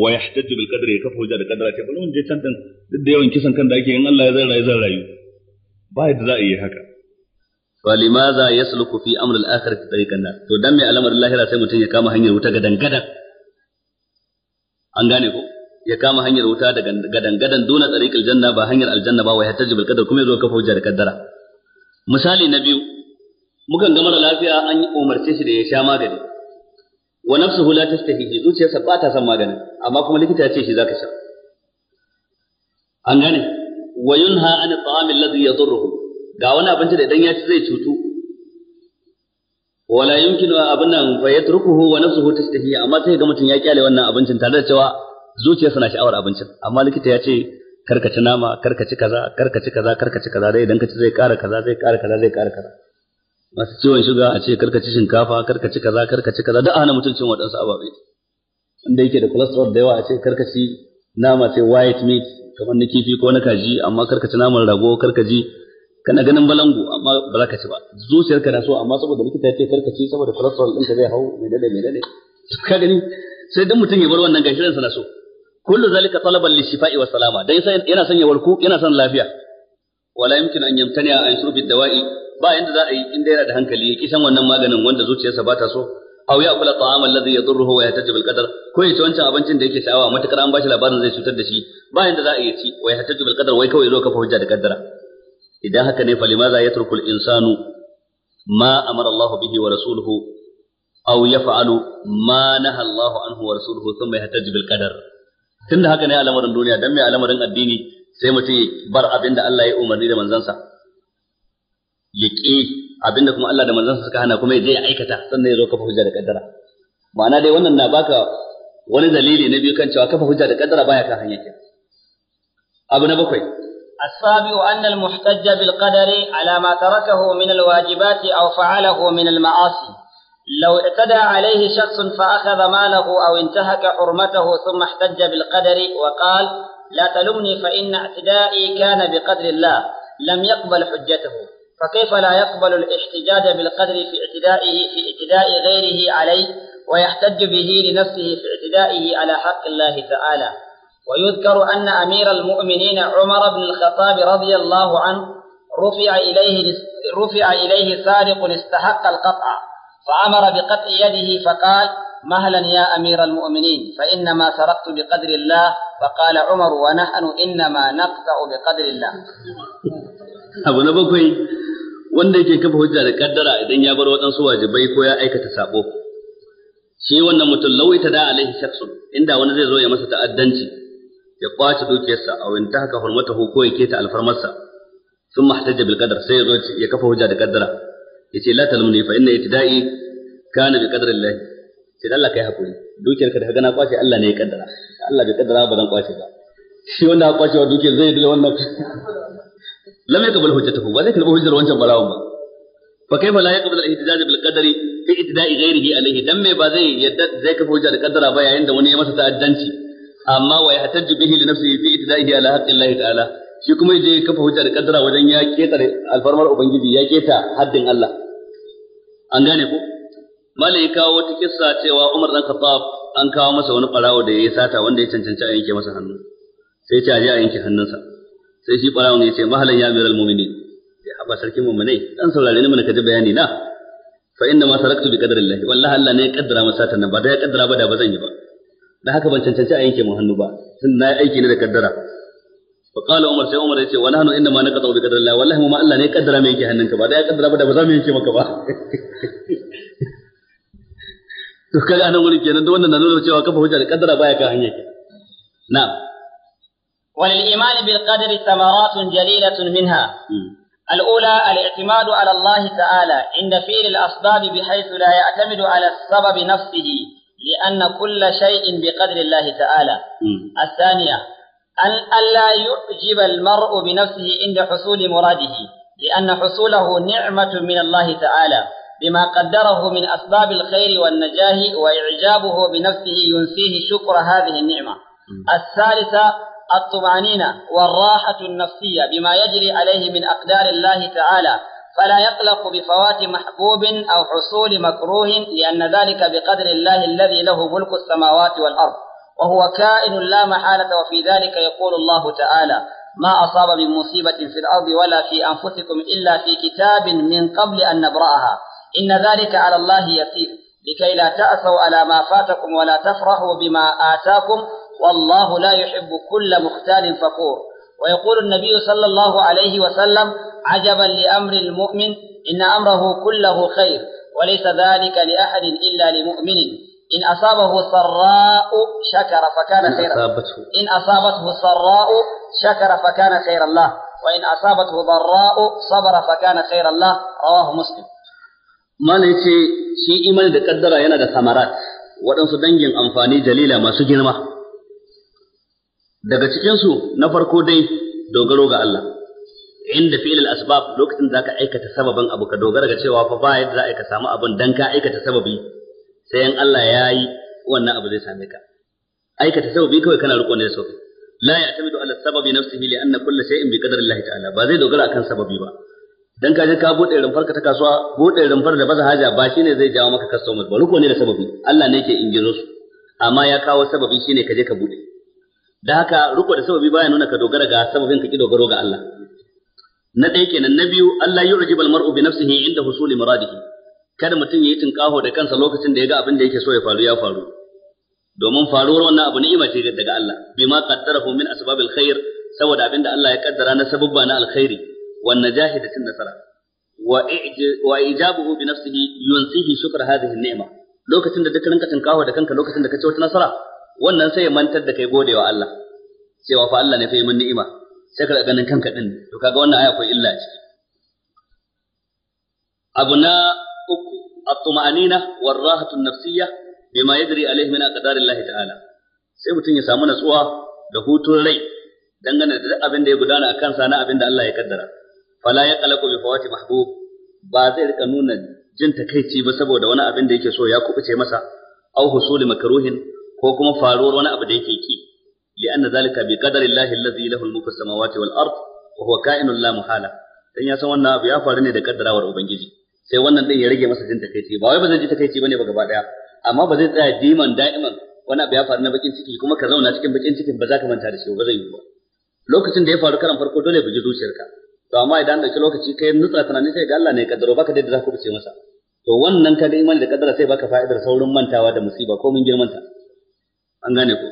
wa ya hajjaju bil kadar ya kafa hujja da يزال ce يزال mun je can din duk da yawan kisan kan da ake yin Allah ya zai rayu zai rayu ba yadda za a yi haka falimaza yasluku fi amr al-akhirah tariqan nar to dan mai alamar lahira sai mutum ya kama hanyar wuta ga gadan an gane ko ya kama hanyar wuta daga gadangadan? gadan dona tariqil janna ba hanyar aljanna ba wai hatta jibal qadar kuma yazo kafa hujjar kaddara misali na biyu mukan ga mara lafiya an yi umarce shi da ya sha magani wa nafsuhu la tastahihi zuciyarsa ba ta son magani amma kuma likita ya ce shi zaka sha an gane wa yunha an at-ta'am alladhi yadurruhu ga wani abinci da idan ya ci zai cutu wala yumkinu abin nan fa yatrukuhu wa nafsuhu tastahi amma sai ga mutum ya kyale wannan abincin tare da cewa zuciyarsa na sha'awar abincin amma likita ya ce karkaci nama karkaci kaza karkaci kaza karkaci kaza dai idan ka ci zai ƙara kaza zai ƙara kaza zai ƙara kaza masu ciwon shuga a ce karkaci shinkafa karkaci kaza karkaci kaza duk ana mutum cin waɗansu ababe inda yake da cholesterol da yawa a ce karkaci nama sai white meat kamar na kifi ko na kaji amma karka ci naman rago karka ji kana ganin balangu amma ba za ka ci ba Zuciyar ka na so amma saboda likita ya ce karka ci saboda cholesterol ka zai hau mai dade mai dade ka gani sai dan mutum ya bar wannan gashirin sa na so kullu zalika talaban shifai wa salama dan yana son ya warku yana son lafiya wala yumkin an yamtani an shurbi dawa'i ba yanda za a yi inda yana da hankali ya kisan wannan maganin wanda zuciyarsa ba ta so aw kula ta'ama alladhi yadurruhu wa yahtajibu al-qadar ko ya ci wancan abincin da yake sha'awa matakar an bashi labarin zai cutar da shi ba yanda za a yi ci wai hatta bil qadar wai kawai zo ka hujja da kaddara idan haka ne fa limaza yatruku al insanu ma amara Allah bihi wa rasuluhu aw yaf'alu ma naha Allah anhu wa rasuluhu thumma yahtaj bil qadar tunda haka ne al'amarin duniya dan me al'amarin addini sai mutum bar abinda Allah ya umarni da manzansa ya ƙi abinda kuma Allah da manzansa suka hana kuma ya je ya aikata sannan ya zo kafa hujja da kaddara ma'ana dai wannan na baka wani dalili na biyu kan cewa kafa hujja da kaddara baya kan hanya kenan أبو na bakwai السابع أن المحتج بالقدر على ما تركه من الواجبات أو فعله من المعاصي لو اعتدى عليه شخص فأخذ ماله أو انتهك حرمته ثم احتج بالقدر وقال لا تلمني فإن اعتدائي كان بقدر الله لم يقبل حجته فكيف لا يقبل الاحتجاج بالقدر في اعتدائه في اعتداء غيره عليه ويحتج به لنفسه في اعتدائه على حق الله تعالى ويذكر أن أمير المؤمنين عمر بن الخطاب رضي الله عنه رفع إليه, رفع إليه سارق استحق القطع فأمر بقطع يده فقال مهلا يا أمير المؤمنين فإنما سرقت بقدر الله فقال عمر ونحن إنما نقطع بقدر الله أبو نبوكي wanda yake kafa hujja da kaddara idan ya bar waɗansu wajibai ko ya aikata sako shi wannan mutum lawai ta da alaihi shakhsun inda wani zai zo ya masa ta'addanci ya kwace dukiyarsa a aw haka hulmata ko ya keta alfarmarsa sun mahtaja bil qadar sai ya ya kafa hujja da qaddara yace la talmuni fa inna ibtida'i kana bi qadri Allah sai Allah kai hakuri dukiyarka da ka gana kwace Allah ne ya kaddara Allah bi kaddara ba zan kwace ba shi wanda kwace wa dukiyar zai dole wannan lam yakbal hujjatahu ba zai karbi hujjar wancan barawan ba fa kaifa la yaqbal al-ihtijaj bil qadri fi ittida'i ghayrihi alayhi dan me ba zai yadda zai kafa hujja da qaddara ba yayin da wani ya masa ta'addanci amma wa yahtaju bihi li nafsihi fi itda'ihi ala haqqi Allah ta'ala shi kuma yaje kafa hujja da kaddara wajen ya keta alfarmar ubangiji ya keta haddin Allah an gane ko malai kawo wata kissa cewa Umar dan Khattab an kawo masa wani barawo da yayi sata wanda ya cancanci a yanke masa hannu sai ce a a yanke hannunsa sai shi barawon ya ce mahalan ya amiral mu'minin ya haba sarkin mu'minai dan saurare ni mun ka ji bayani na fa inna ma saraktu bi qadarillahi wallahi Allah ne ya kaddara masa satan nan ba da ya kaddara ba da ba zan yi ba da haka ban cancanci a yanke mu hannu ba tun na yi aiki ne da kaddara fa qala umar sai umar yace wa nahnu inna ma naqatu bi qadri Allah wallahi mu ma Allah ne kaddara mu hannunka ba da ya kaddara ba ba za mu maka ba kenan wannan na cewa kafa hujja da kaddara baya ka hanya na'am وللإيمان بالقدر ثمرات جليلة منها الأولى الاعتماد على الله تعالى عند فعل الأسباب بحيث لا يعتمد على السبب نفسه لأن كل شيء بقدر الله تعالى الثانية أن ألا يعجب المرء بنفسه عند حصول مراده لأن حصوله نعمة من الله تعالى بما قدره من أسباب الخير والنجاه وإعجابه بنفسه ينسيه شكر هذه النعمة الثالثة الطمأنينة والراحة النفسية بما يجري عليه من أقدار الله تعالى فلا يقلق بفوات محبوب أو حصول مكروه لأن ذلك بقدر الله الذي له ملك السماوات والأرض وهو كائن لا محالة وفي ذلك يقول الله تعالى ما أصاب من مصيبة في الأرض ولا في أنفسكم إلا في كتاب من قبل أن نبرأها إن ذلك على الله يسير لكي لا تأسوا على ما فاتكم ولا تفرحوا بما آتاكم والله لا يحب كل مختال فخور ويقول النبي صلى الله عليه وسلم عجبا لأمر المؤمن إن أمره كله خير وليس ذلك لأحد إلا لمؤمن إن أصابه سراء شكر فكان خيرا إن أصابته سراء شكر فكان خيرا الله وإن أصابته ضراء صبر فكان خيرا الله رواه مسلم ما ya شيء من imani da kaddara yana أنفاني samarat ما سجن ما daga cikinsu na farko dai dogaro ga Allah inda fi'il al-asbab lokacin da ka aikata sababin abu ka dogara ga cewa fa ba yadda za ka samu abin dan ka aikata sababi sai in Allah ya yi wannan abu zai same ka aikata sababi kawai kana riko ne da sababi la ya'tamidu ala sababi nafsihi li anna kulla shay'in bi qadari Allah ta'ala ba zai dogara akan sababi ba dan ka je ka bude rumfar ka ta kasuwa bude rumfar da baza haja ba shine zai jawo maka customers ba riko ne da sababi Allah ne ke ingiro su amma ya kawo sababi shine ka je ka bude da haka riko da sababi baya nuna ka dogara ga sababin ka ki dogaro ga Allah na ɗaya kenan na biyu Allah yu'jibal mar'u bi nafsihi inda husuli muradihi kada mutum ya yi tinkaho da kansa lokacin da ya ga abin da yake so ya faru ya faru domin faruwar wannan abu ni'ima ce daga Allah bima qaddarahu min asbabil khair saboda abin da Allah ya kaddara na sababba na alkhairi wan najahi da nasara wa ijabuhu bi nafsihi yunsihi shukr hadhihi ni'ma lokacin da duk rinka tinkaho da kanka lokacin da ka ci wata nasara wannan sai ya mantar da kai wa Allah cewa fa Allah ne fa yi mun ni'ima sai ka ganin kanka din to kaga wannan aya akwai illa ciki abu na uku at-tuma'anina war-rahatu an-nafsiyya bima yadri alayhi min aqdar ta'ala sai mutum ya samu natsuwa da hutun rai dangane da abin da ya gudana a kansa na abin da Allah ya kaddara fala ya qalaqu bi fawati mahbub ba zai rika nuna jin takaici ba saboda wani abin da yake so ya kubuce masa au husuli makruhin ko kuma faruwar wani abu da yake ki li'anna zalika bi qadari llahi allazi lahu mulku samawati wal ard wa huwa ka'inun la muhala dan ya san wannan abu ya faru ne da kaddarawar ubangiji sai wannan din ya rage masa jin takeici ba wai ba zai ji takeici bane ba gaba daya amma ba zai tsaya diman da'iman wani abu ya faru na bakin ciki kuma ka zauna cikin bakin cikin ba za ka manta da shi ba zai yi ba lokacin da ya faru karan farko dole buji zuciyarka to amma idan da lokaci kai nutsa tunanin sai ga Allah ne ya kaddaro baka da yadda za ka kubuce masa to wannan kaga imani da kaddara sai baka fa'idar saurin mantawa da musiba ko mun girmanta an gane ku.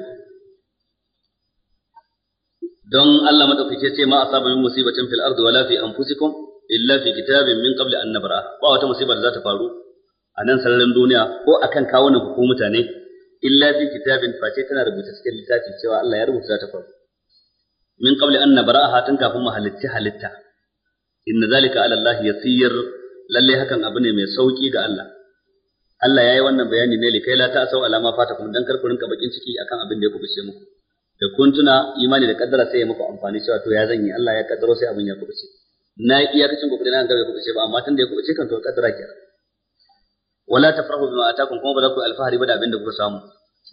don Allah madaukake ce ma asaba min musibatin fil ardi wala fi anfusikum illa fi kitabin min qabli an nabra ba wata musiba da za ta faru a nan sararin duniya ko akan kawo na ko mutane illa fi kitabin face tana rubuta cikin littafi cewa Allah ya rubuta za ta faru min qabli an nabra'aha tun kafin mu halitta halitta inna zalika ala Allah yasir lalle hakan abu ne mai sauki ga Allah Allah ya yi wannan bayani ne likai la ta'asau alama fata kuma dan kar ku rinka bakin ciki akan abin da ya kubuce muku da kun tuna imani da kaddara sai ya muku amfani cewa to ya zanyi Allah ya kaddaro sai abin ya kubuce na yi iyakacin kubuce na ga bai kubuce ba amma tun da ya kubuce kan to kaddara kenan wala tafrahu bima atakum kuma ba za ku alfahari ba da abin da kuka samu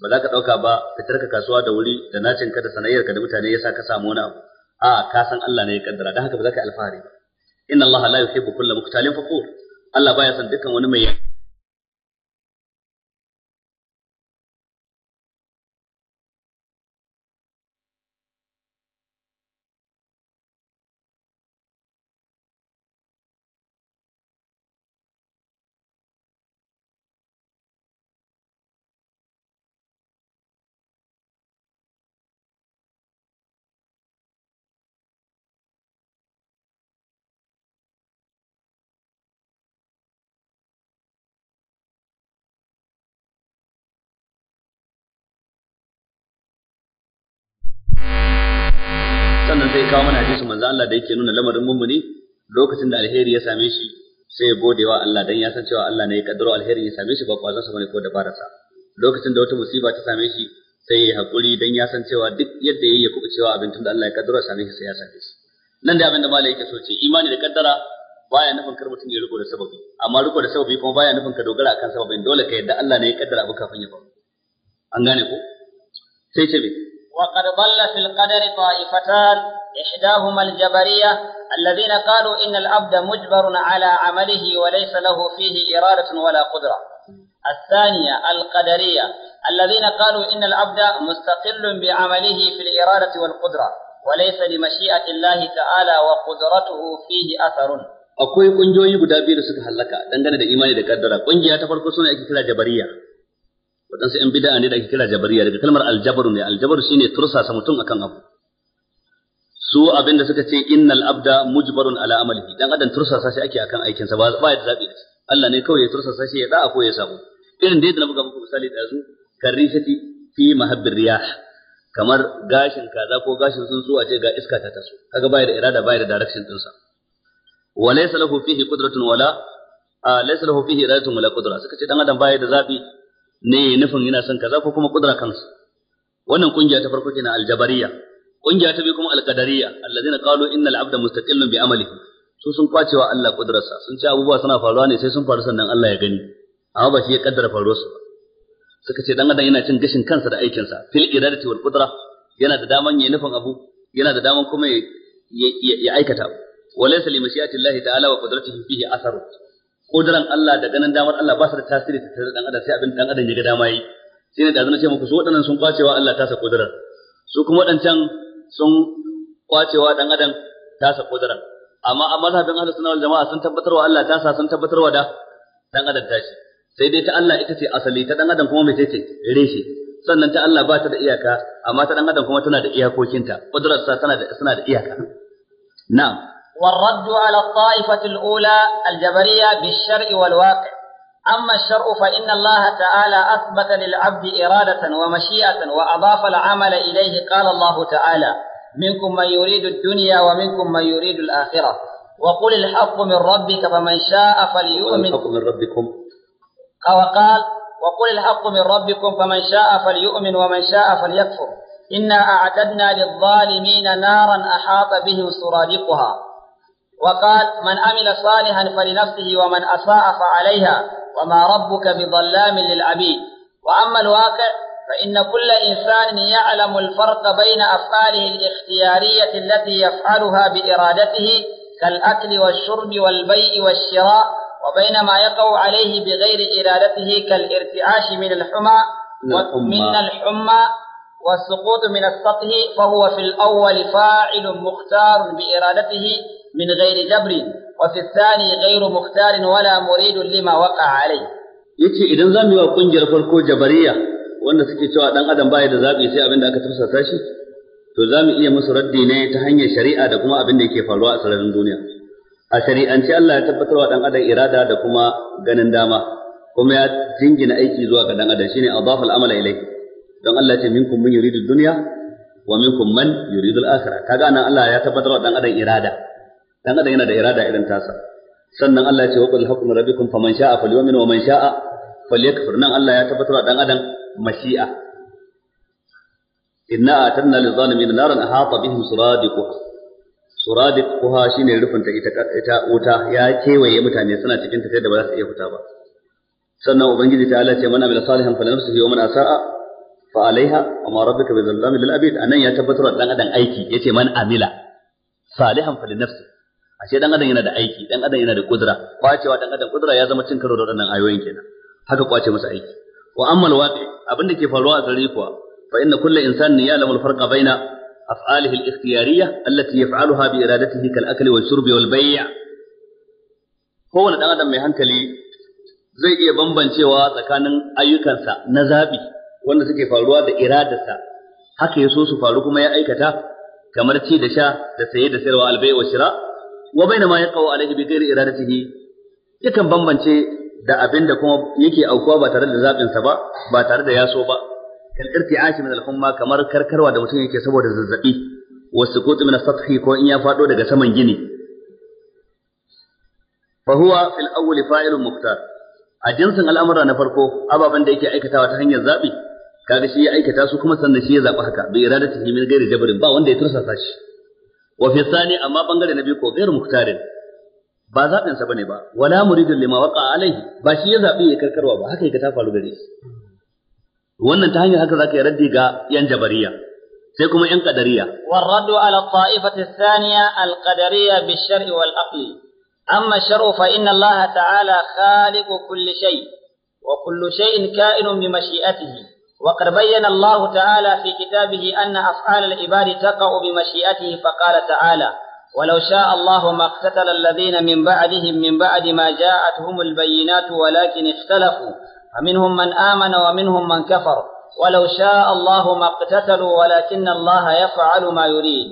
ba za ka dauka ba fitar ka kasuwa da wuri da nacin ka da sanayyar ka da mutane yasa ka samu wani abu a ka san Allah ne ya kaddara dan haka ba za ka alfahari ba inna Allah la yuhibbu kulla mukhtalin fakhur Allah baya san dukkan wani mai manzo Allah da yake nuna lamarin mummuni lokacin da alheri ya same shi sai ya gode wa Allah dan ya san cewa Allah ne ya kaddaro alheri ya same shi ba kwazon sa bane ko dabarar lokacin da wata musiba ta same shi sai ya hakuri dan ya san cewa duk yadda yayi ya kuɓuce cewa abin da Allah ya kaddaro same shi sai ya same shi nan da abin da malai yake so ce imani da kaddara baya nufin kar mutum ya riko da sababi amma riko da sababi kuma baya nufin ka dogara akan sababin dole ka yadda Allah ne ya kaddara abu kafin ya faru an gane ko sai ce me وقد ضل في القدر طائفتان إحداهما الجبرية الذين قالوا إن العبد مجبر على عمله وليس له فيه إرادة ولا قدرة الثانية القدرية الذين قالوا إن العبد مستقل بعمله في الإرادة والقدرة وليس لمشيئة الله تعالى وقدرته فيه أثر أقول kungiyoyi يبدأ بيرسك da suka hallaka dangane da imani da kaddara kungiya ta farko waɗansu ‘yan bida ne da ake kira jabariya daga kalmar aljabaru ne aljabaru shine tursasa mutum akan abu su abin da suka ce innal abda mujbarun ala amalihi dan adam tursasa shi ake akan aikin sa ba ya da zabi Allah ne kawai ya tursasa shi ya da'a ko ya samu irin da na buga muku misali da su karishati fi mahabbir riyah kamar gashin kaza ko gashin tsuntsu a ce ga iska ta taso kaga baya da irada baya da direction din sa wa laysa lahu fihi qudratun wala a laysa lahu fihi iradatu wala qudra suka ce dan adam baya da zabi ne nufin yana son kaza ko kuma kudura kansa. wannan kungiya ta farko kenan aljabariya kungiya ta biyu kuma alqadariya allazina qalu innal abda mustaqillun bi amalihi su sun kwacewa Allah kudurarsa sun ce abubuwa suna faruwa ne sai sun faru sannan Allah ya gani amma ba shi ya kaddara faruwarsu ba suka ce dan adam yana cin gashin kansa da aikinsa fil iradati wal qudra yana da daman yayi nufin abu yana da daman kuma ya aikata walaysa li mashi'ati Allah ta'ala wa qudratihi fihi atharu Kodaran Allah da ganin damar Allah ba su da tasiri ta tare dan adam sai abin dan adam ya ga dama yi sai ne da zan ce muku su waɗannan sun kwacewa Allah tasa kudiran su kuma waɗancan sun kwacewa dan adam tasa kudiran amma a mazhabin ahlus sunna wal jama'a sun tabbatarwa Allah tasa sun tabbatarwa da dan adam tashi sai dai ta Allah ita ce asali ta dan adam kuma mai ce reshe sannan ta Allah ba ta da iyaka amma ta dan adam kuma tana da iyakokinta sa tana da suna da iyaka na'am والرد على الطائفة الأولى الجبرية بالشرع والواقع أما الشرع فإن الله تعالى أثبت للعبد إرادة ومشيئة وأضاف العمل إليه قال الله تعالى منكم من يريد الدنيا ومنكم من يريد الآخرة وقل الحق من ربك فمن شاء فليؤمن الحق من ربكم وقال وقل الحق من ربكم فمن شاء فليؤمن ومن شاء فليكفر إنا أعتدنا للظالمين نارا أحاط بهم سرادقها وقال من عمل صالحا فلنفسه ومن أساء فعليها وما ربك بظلام للعبيد وأما الواقع فإن كل إنسان يعلم الفرق بين أفعاله الاختيارية التي يفعلها بإرادته كالأكل والشرب والبيع والشراء وبين ما يقع عليه بغير إرادته كالارتعاش من الحمى من الحمى والسقوط من السطح فهو في الأول فاعل مختار بإرادته من غير جبر وفي الثاني غير مختار ولا مريد لما وقع عليه yace idan zamu yi wa kungiyar farko jabariya wanda suke cewa dan adam baya da zabi sai abin da aka tafsasa shi to zamu iya musu raddi ne ta hanyar shari'a da kuma abin da yake faruwa a sararin duniya a shari'ance Allah ya tabbatar wa dan adam irada da kuma ganin dama kuma ya jingina aiki zuwa ga dan adam shine adafa al-amala ilayhi don Allah ya ce minkum man yuridu dunya wa minkum man yuridu al-akhirah kaga nan Allah ya tabbatar wa dan adam irada dan adam yana da irada irin tasa sannan Allah ya ce wa qul hakum rabbikum faman sha'a falyu'min wa man sha'a falyakfur nan Allah ya tabbatar da dan adam mashi'a inna atanna lil zalimin naran ahata bihim suradiquha suradiquha shine rufinta ita ita wuta ya kewaye mutane suna cikin ta da ba za su iya fita ba sannan ubangiji ta Allah ce man amila salihan falanafsihi wa man asaa fa alaiha amma rabbika bi dhallamin lil abid anan ya tabbatar da dan adam aiki yace man amila salihan falinafsi ashe dan adam yana da aiki dan adam yana da kudura kwacewa dan adam kudura ya zama cin karo da wannan ayoyin kenan haka kwace masa aiki wa ammal waqi abin da ke faruwa a gare kuwa fa inna kullu insanin ya'lamu al-farqa baina af'alihi al-ikhtiyariyya allati yaf'aluha bi iradatihi kal akli wal shurbi wal bay' kowane dan adam mai hankali zai iya bambancewa tsakanin ayyukansa na zabi wanda suke faruwa da iradarsa haka ya so su faru kuma ya aikata kamar ci da sha da saye da sayarwa albai wa shira wa baina ma yaqau alaihi bi ghairi iradatihi yakan bambance da abin da kuma yake aukuwa ba tare da zabin sa ba ba tare da yaso ba kal ashi min al-humma kamar karkarwa da mutum yake saboda zazzabi wa sukutu min as ko in ya fado daga saman gini fa huwa fil awwal fa'ilun muhtar a jinsin al'amura na farko ababen da yake aikatawa ta hanyar zabi kaga shi ya aikata su kuma sannan shi ya zabi haka bi iradatihi min ghairi jabrin ba wanda ya tursasa shi وفي الثاني أما بنجر النبي كو غير مختار بازات نسبني با ولا مريد لما وقع عليه باش يذهب يكركر وابا حكي كتاب على غريس وانا تهاني هكا ذاك يردي غا ينجبرية سيكم ين قدرية والرد على الطائفة الثانية القدرية بالشرع والأقل أما الشرع فإن الله تعالى خالق كل شيء وكل شيء كائن بمشيئته وقد بين الله تعالى في كتابه أن أفعال العباد تقع بمشيئته فقال تعالى ولو شاء الله ما اقتتل الذين من بعدهم من بعد ما جاءتهم البينات ولكن اختلفوا فمنهم من آمن ومنهم من كفر ولو شاء الله ما اقتتلوا ولكن الله يفعل ما يريد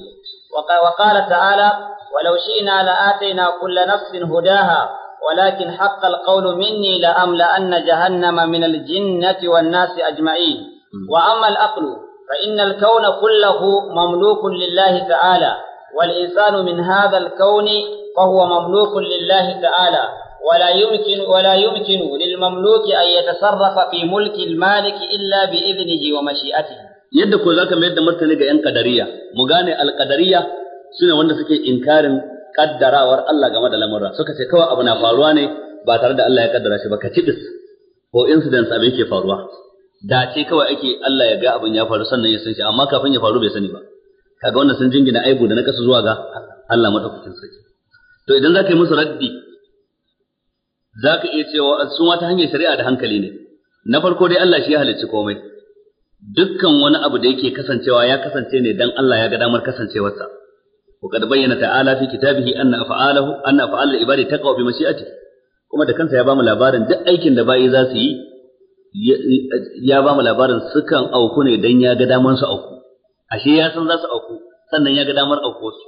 وقال تعالى ولو شئنا لآتينا كل نفس هداها ولكن حق القول مني لأملأن جهنم من الجنة والناس أجمعين وأما الأقل فإن الكون كله مملوك لله تعالى والإنسان من هذا الكون فهو مملوك لله تعالى ولا يمكن ولا يمكن للمملوك أن يتصرف في ملك المالك إلا بإذنه ومشيئته yadda ko zaka mayar da martani ga 'yan kadariya mu gane alkadariya suna wanda suke inkarin kaddarawar Allah game da lamurra suka ce kawai abu na faruwa ne ba tare da Allah ya kaddara shi ba ka tibis ko incidents abin ke faruwa da ce kawai ake Allah ya ga abin ya faru sannan ya san shi amma kafin ya faru bai sani ba kaga wannan sun jingina aibu da na kasu zuwa ga Allah madaukakin sarki to idan zaka yi musu raddi zaka iya cewa su ma ta hanyar shari'a da hankali ne na farko dai Allah shi ya halicci komai dukkan wani abu da yake kasancewa ya kasance ne dan Allah ya ga damar kasancewarsa وقد بين تعالى في كتابه أن ta أن أفعال العباد تقع بمشيئته kuma da kansa ya bamu labarin duk aikin da bayi za su yi ya bamu labarin sukan auku ne dan ya ga daman auku ashe ya san za su auku sannan ya ga damar auku su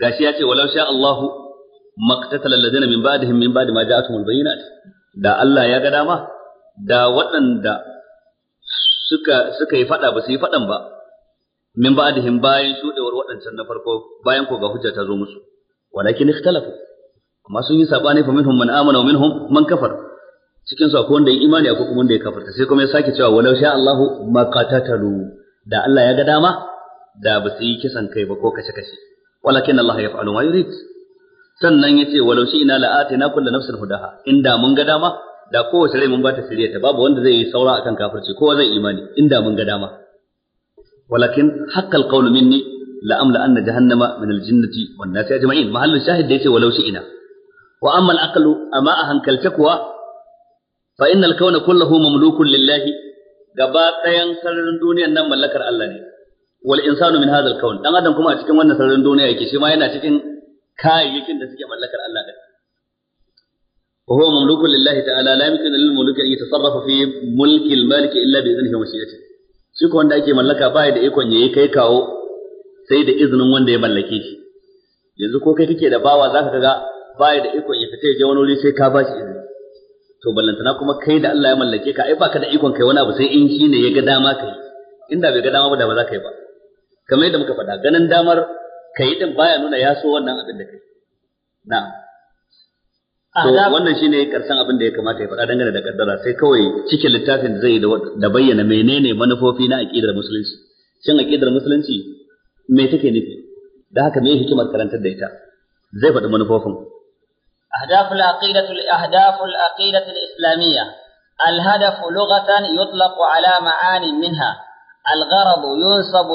gashi ya ce walau sha Allahu maqtatala alladhina min ba'dihim min ba'di ma ja'atuhumul bayyinat da Allah ya ga dama da waɗanda suka yi faɗa ba su yi faɗan ba min ba'dihim bayan shuɗewar waɗancan na farko bayan ko ga hujja ta zo musu walakin ikhtalafu amma sun yi sabani fa minhum man amana wa minhum man kafar cikin su akwai wanda ya imani akwai kuma wanda ya kafarta sai kuma ya sake cewa walau sha Allahu maqatatalu da Allah ya ga dama da ba su yi kisan kai ba ko kashe kashe walakin Allah yaf'alu ma yurid sannan yace walau shi ina na kullu nafsin hudaha inda mun ga dama da kowace rai mun ba ta shirye ta babu wanda zai yi saura akan kafirci kowa zai imani inda mun ga dama walakin haqqal qawlu minni la amla anna jahannama min aljinnati wan nas ajma'in mahallu shahid da yace walau ina wa amma al-aqlu amma a hankalta kuwa fa inna al-kawna kulluhu mamlukun lillahi gaba sararin duniyar nan mallakar Allah ne wal insanu min hadha al-kawn dan kuma a cikin wannan sararin duniya yana cikin kayayyakin da suke mallakar Allah ne وهو مملوك لله تعالى لا يمكن للملوك أن يتصرف في ملك المالك إلا بإذنه ومشيئته shi ko wanda ake mallaka ba da ikon ya yi kai kawo sai da izinin wanda ya mallake shi yanzu ko kai kake da bawa zaka kaga ba da ikon ya fita ya je wani wuri sai ka ba shi izini to ballantana kuma kai da Allah ya mallake ka ai baka da ikon kai wani abu sai in shine ya ga dama kai inda bai ga dama ba da ba za ka yi ba kamar yadda muka faɗa ganin damar kai din baya nuna ya so wannan abin da kai na'am Ah, wannan shine karshen abin da ya kamata ya faɗa dangane da kaddara sai kawai cikin littafin zai da bayyana menene manufofi na aqidar musulunci shin aqidar musulunci me take nufi da haka me hikimar karantar da ita zai faɗi manufofin أهداف العقيدة أهداف العقيدة الإسلامية الهدف لغة يطلق على معان منها الغرض ينسب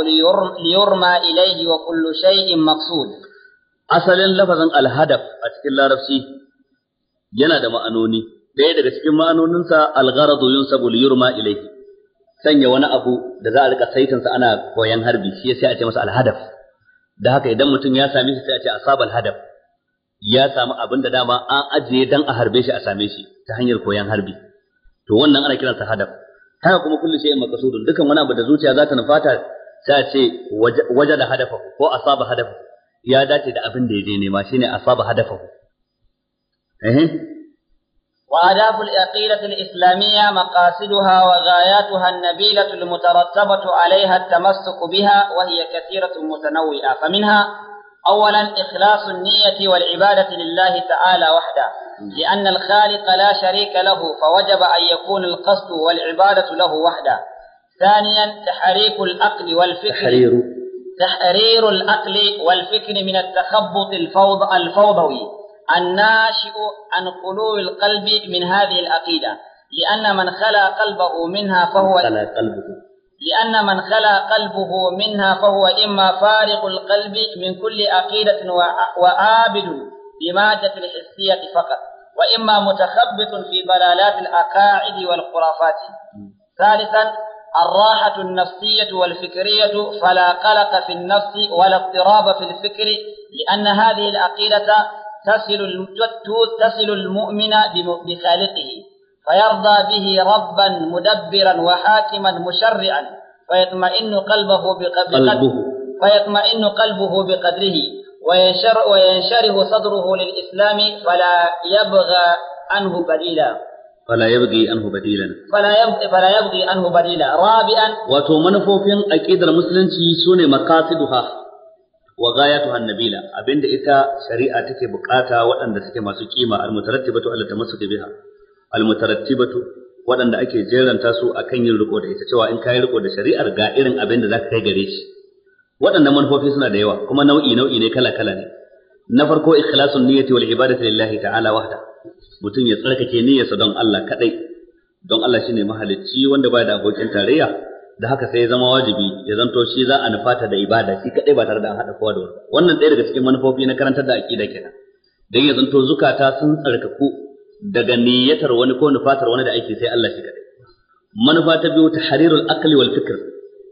ليرمى إليه وكل شيء مقصود أصلا لفظا الهدف cikin larabci. yana da ma'anoni ɗaya daga cikin ma'anoninsa algharadu yunsabu liyurma ilayhi sanya wani abu da za a rika saitinsa ana koyan harbi shi sai a ce masa alhadaf da haka idan mutum ya same shi sai a ce asaba alhadaf ya samu abin da dama an ajiye dan a harbe shi a same shi ta hanyar koyan harbi to wannan ana kiransa hadaf haka kuma kullu shay'in maqsudun dukan wani abu da zuciya za ta nufata sai a ce waje da hadafa ko asaba hadafa ya dace da abin da ya je nema shine saba hadafa ايه وآداب العقيدة الإسلامية مقاصدها وغاياتها النبيلة المترتبة عليها التمسك بها وهي كثيرة متنوعة فمنها أولا إخلاص النية والعبادة لله تعالى وحده لأن الخالق لا شريك له فوجب أن يكون القصد والعبادة له وحده ثانيا تحريك الأقل والفكر تحرير تحرير العقل والفكر من التخبط الفوض الفوضوي الناشئ عن قلوب القلب من هذه العقيدة لأن من خلا قلبه منها فهو خلا قلبه لأن من خلا قلبه منها فهو إما فارق القلب من كل عقيدة وعابد بمادة الحسية فقط وإما متخبط في ضلالات الأقاعد والخرافات ثالثا الراحة النفسية والفكرية فلا قلق في النفس ولا اضطراب في الفكر لأن هذه العقيدة تصل تصل المؤمن بخالقه فيرضى به ربا مدبرا وحاكما مشرعا فيطمئن قلبه بقدره فيطمئن قلبه بقدره وينشر وينشره صدره للإسلام فلا يبغى عنه بديلا فلا يبغي عنه بديلا فلا يبغي فلا يبغي عنه بديلا رابعا وتو منفوفين أكيد المسلمين سوني مقاصدها wa ghayatuha nabila abinda ita shari'a take bukata waɗanda suke masu kima almutarattibatu alla tamassuka biha almutarattibatu waɗanda ake jeranta su akan yin riko da ita cewa in kai riko da shari'ar ga irin abin da zaka kai gare shi waɗannan manufofi suna da yawa kuma nau'i nau'i ne kala kala ne na farko ikhlasun niyyati wal ibadati lillahi ta'ala wahda mutum ya tsarkake niyyarsa don Allah kadai don Allah shine mahalicci wanda baya da abokin tarayya da haka sai ya zama wajibi ya zanto shi za a nufata da ibada shi kadai ba tare da an hada kowa da wani wannan ɗaya daga cikin manufofi na karantar da aqida kenan dan ya zanto zukata sun tsarkaku daga niyyatar wani ko nufatar wani da aiki sai Allah shi kadai manufa ta biyu tahrirul aqli wal fikr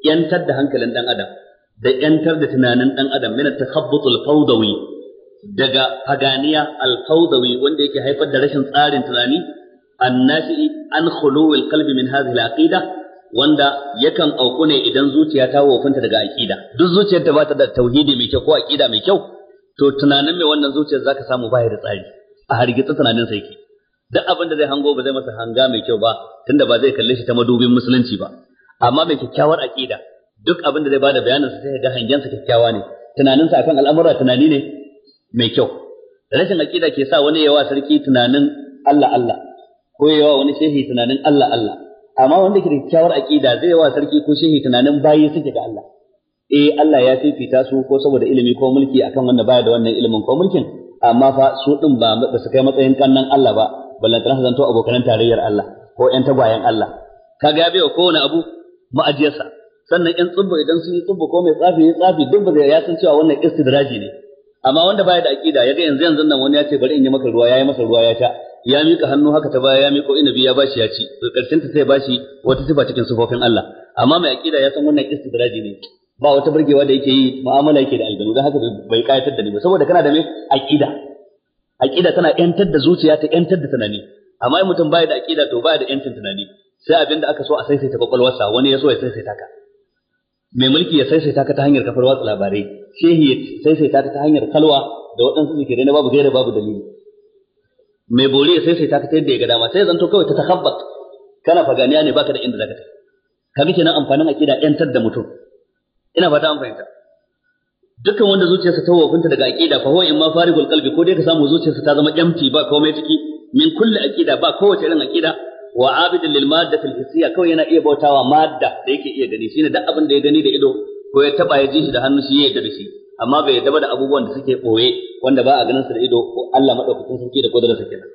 yantar da hankalin dan adam da yantar da tunanin dan adam min at-takhabbut fawdawi daga faganiya al-fawdawi wanda yake haifar da rashin tsarin tunani annashi an khuluwil qalbi min hadhihi al-aqidah wanda yakan auku ne idan zuciya ta wofinta daga aqida duk zuciyar da bata da tauhidi mai kyau ko aqida mai kyau to tunanin mai wannan zuciyar zaka samu baya da tsari a hargitsa tunanin sa yake duk abin da zai hango ba zai masa hanga mai kyau ba tunda ba zai kalle shi ta madubin musulunci ba amma mai kyakkyawar aqida duk abin da zai bada bayanin sa sai ga hangen sa kyakkyawa ne tunanin sa akan al'amura tunani ne mai kyau rashin aqida ke sa wani yawa sarki tunanin Allah Allah ko yawa wani shehi tunanin Allah Allah amma wanda ke da kyakkyawar aqida zai yi wa sarki ko shehi tunanin bayi suke ga Allah eh Allah ya fifita su ko saboda ilimi ko mulki akan wanda baya da wannan ilimin ko mulkin amma fa su din ba ba su kai matsayin kannan Allah ba balla tana zanto abokan tarayyar Allah ko ƴan tagwayen Allah kaga ya baiwa kowane abu ma'ajiyarsa sannan ƴan tsubbu idan sun yi tsubbu ko mai tsafi ya tsafi duk ba ya san cewa wannan istidraji ne amma wanda baya da aqida yaga yanzu yanzu nan wani ya ce bari in yi maka ruwa yayi masa ruwa ya sha ya mika hannu haka ta baya ya miko inabi ya bashi ya ci to karshen ta sai bashi wata sifa cikin sufofin Allah amma mai aqida ya san wannan istidraji ne ba wata burgewa da yake yi mu'amala yake da aljanu dan haka bai kayatar da ni ba saboda kana da me aqida aqida tana yantar da zuciya ta yantar da tunani amma in mutum baya da aqida to baya da yancin tunani sai abin da aka so a saisaita kwakwalwarsa wani ya so ya saisaita ka mai mulki ya saisaita ka ta hanyar kafar watsa labarai shehi ya saisaita ta hanyar kalwa da waɗansu zikirai na babu gaira babu dalili mai bore ya sai sai ta ta yadda ya ga dama sai zanto kawai ta takabbat kana faganiya ne baka da inda zaka tafi kaga kenan amfanin akida yantar da mutum ina fata an fahimta dukkan wanda zuciyarsa ta wofinta daga akida fa huwa imma farigul qalbi ko dai ka samu zuciyarsa ta zama empty ba komai ciki min kulli akida ba kowace irin akida wa abidin lil fil hissiyya kawai yana iya bautawa madda da yake iya gani shine duk abin da ya gani da ido ko ya taba ya ji shi da hannu shi ya yadda da shi amma bai yadda da abubuwan da suke ɓoye wanda ba a ganin su da ido ko Allah madaukakin sarki da kudrarsa kenan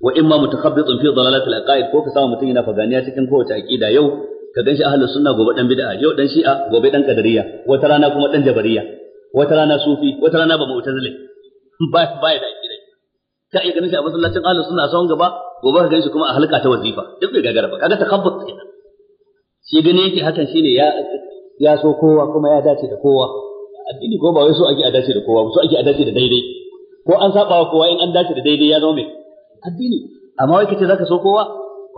wa imma mutakhabbitun fi dalalatil aqaid ko ka samu mutum yana faganiya cikin kowace aqida yau ka ganshi ahlus sunna gobe dan bid'a yau dan shi'a gobe dan qadariyya wata rana kuma dan jabariya wata rana sufi wata rana ba mu'tazili ba ba da aqida ka iya ganin shi a masallacin ahlus sunna a sawon gaba gobe ka ganshi kuma a halka ta wazifa duk bai gagara ba kaga takhabbut kenan shi gane yake hakan shine ya ya so kowa kuma ya dace da kowa addini ko ba wai so ake a dace da kowa so ake a dace da daidai ko an saba wa kowa in an dace da daidai ya zo mai addini amma wai kace zaka so kowa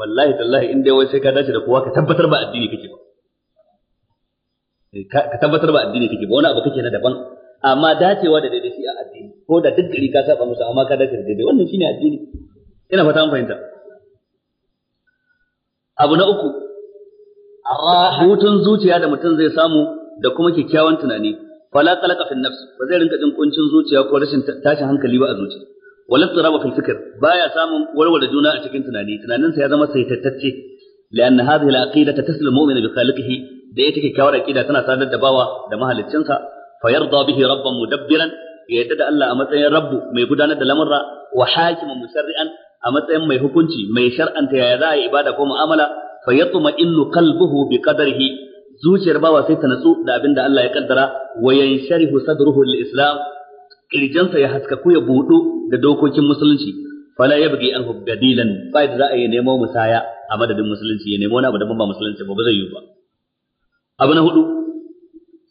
wallahi tallahi in dai wai sai ka dace da kowa ka tabbatar ba addini kake ba eh, ka tabbatar ba addini kake ba wani abu kake na daban amma dacewa da daidai shi a addini ko da duk gari ka saba musu amma ka dace da daidai wannan shine addini ina fata an fahimta abu na uku hutun zuciya da mutum zai samu da kuma kyakkyawan tunani fala qalaqa fi nafs ba zai rinka jin kuncin zuciya ko rashin tashin hankali ba a zuciya wala raba fil fikr baya samun warware juna a cikin tunani tunaninsa ya zama saitatacce ta هذه العقيدة تسلم المؤمن بخالقه da ya take kyawar aqida tana sadar da bawa da mahaliccinsa fa yarda bihi rabban mu dabbiran yarda da Allah a matsayin rabbu mai gudanar da lamurra wa hakiman shari'an a matsayin mai hukunci mai shar'anta yaya za a yi ibada ko mu'amala fa yatma innu qalbuhu bi qadarihi zuciyar bawa sai ta natsu da abin da Allah ya kaddara wa yansharihu sadruhu lil kirjansa ya haska ko ya budo da dokokin musulunci fala yabghi an hubgadilan sai da za a yi nemo musaya a madadin musulunci ya nemo wani abu ban ba musulunci ba ba zai yi ba abu na hudu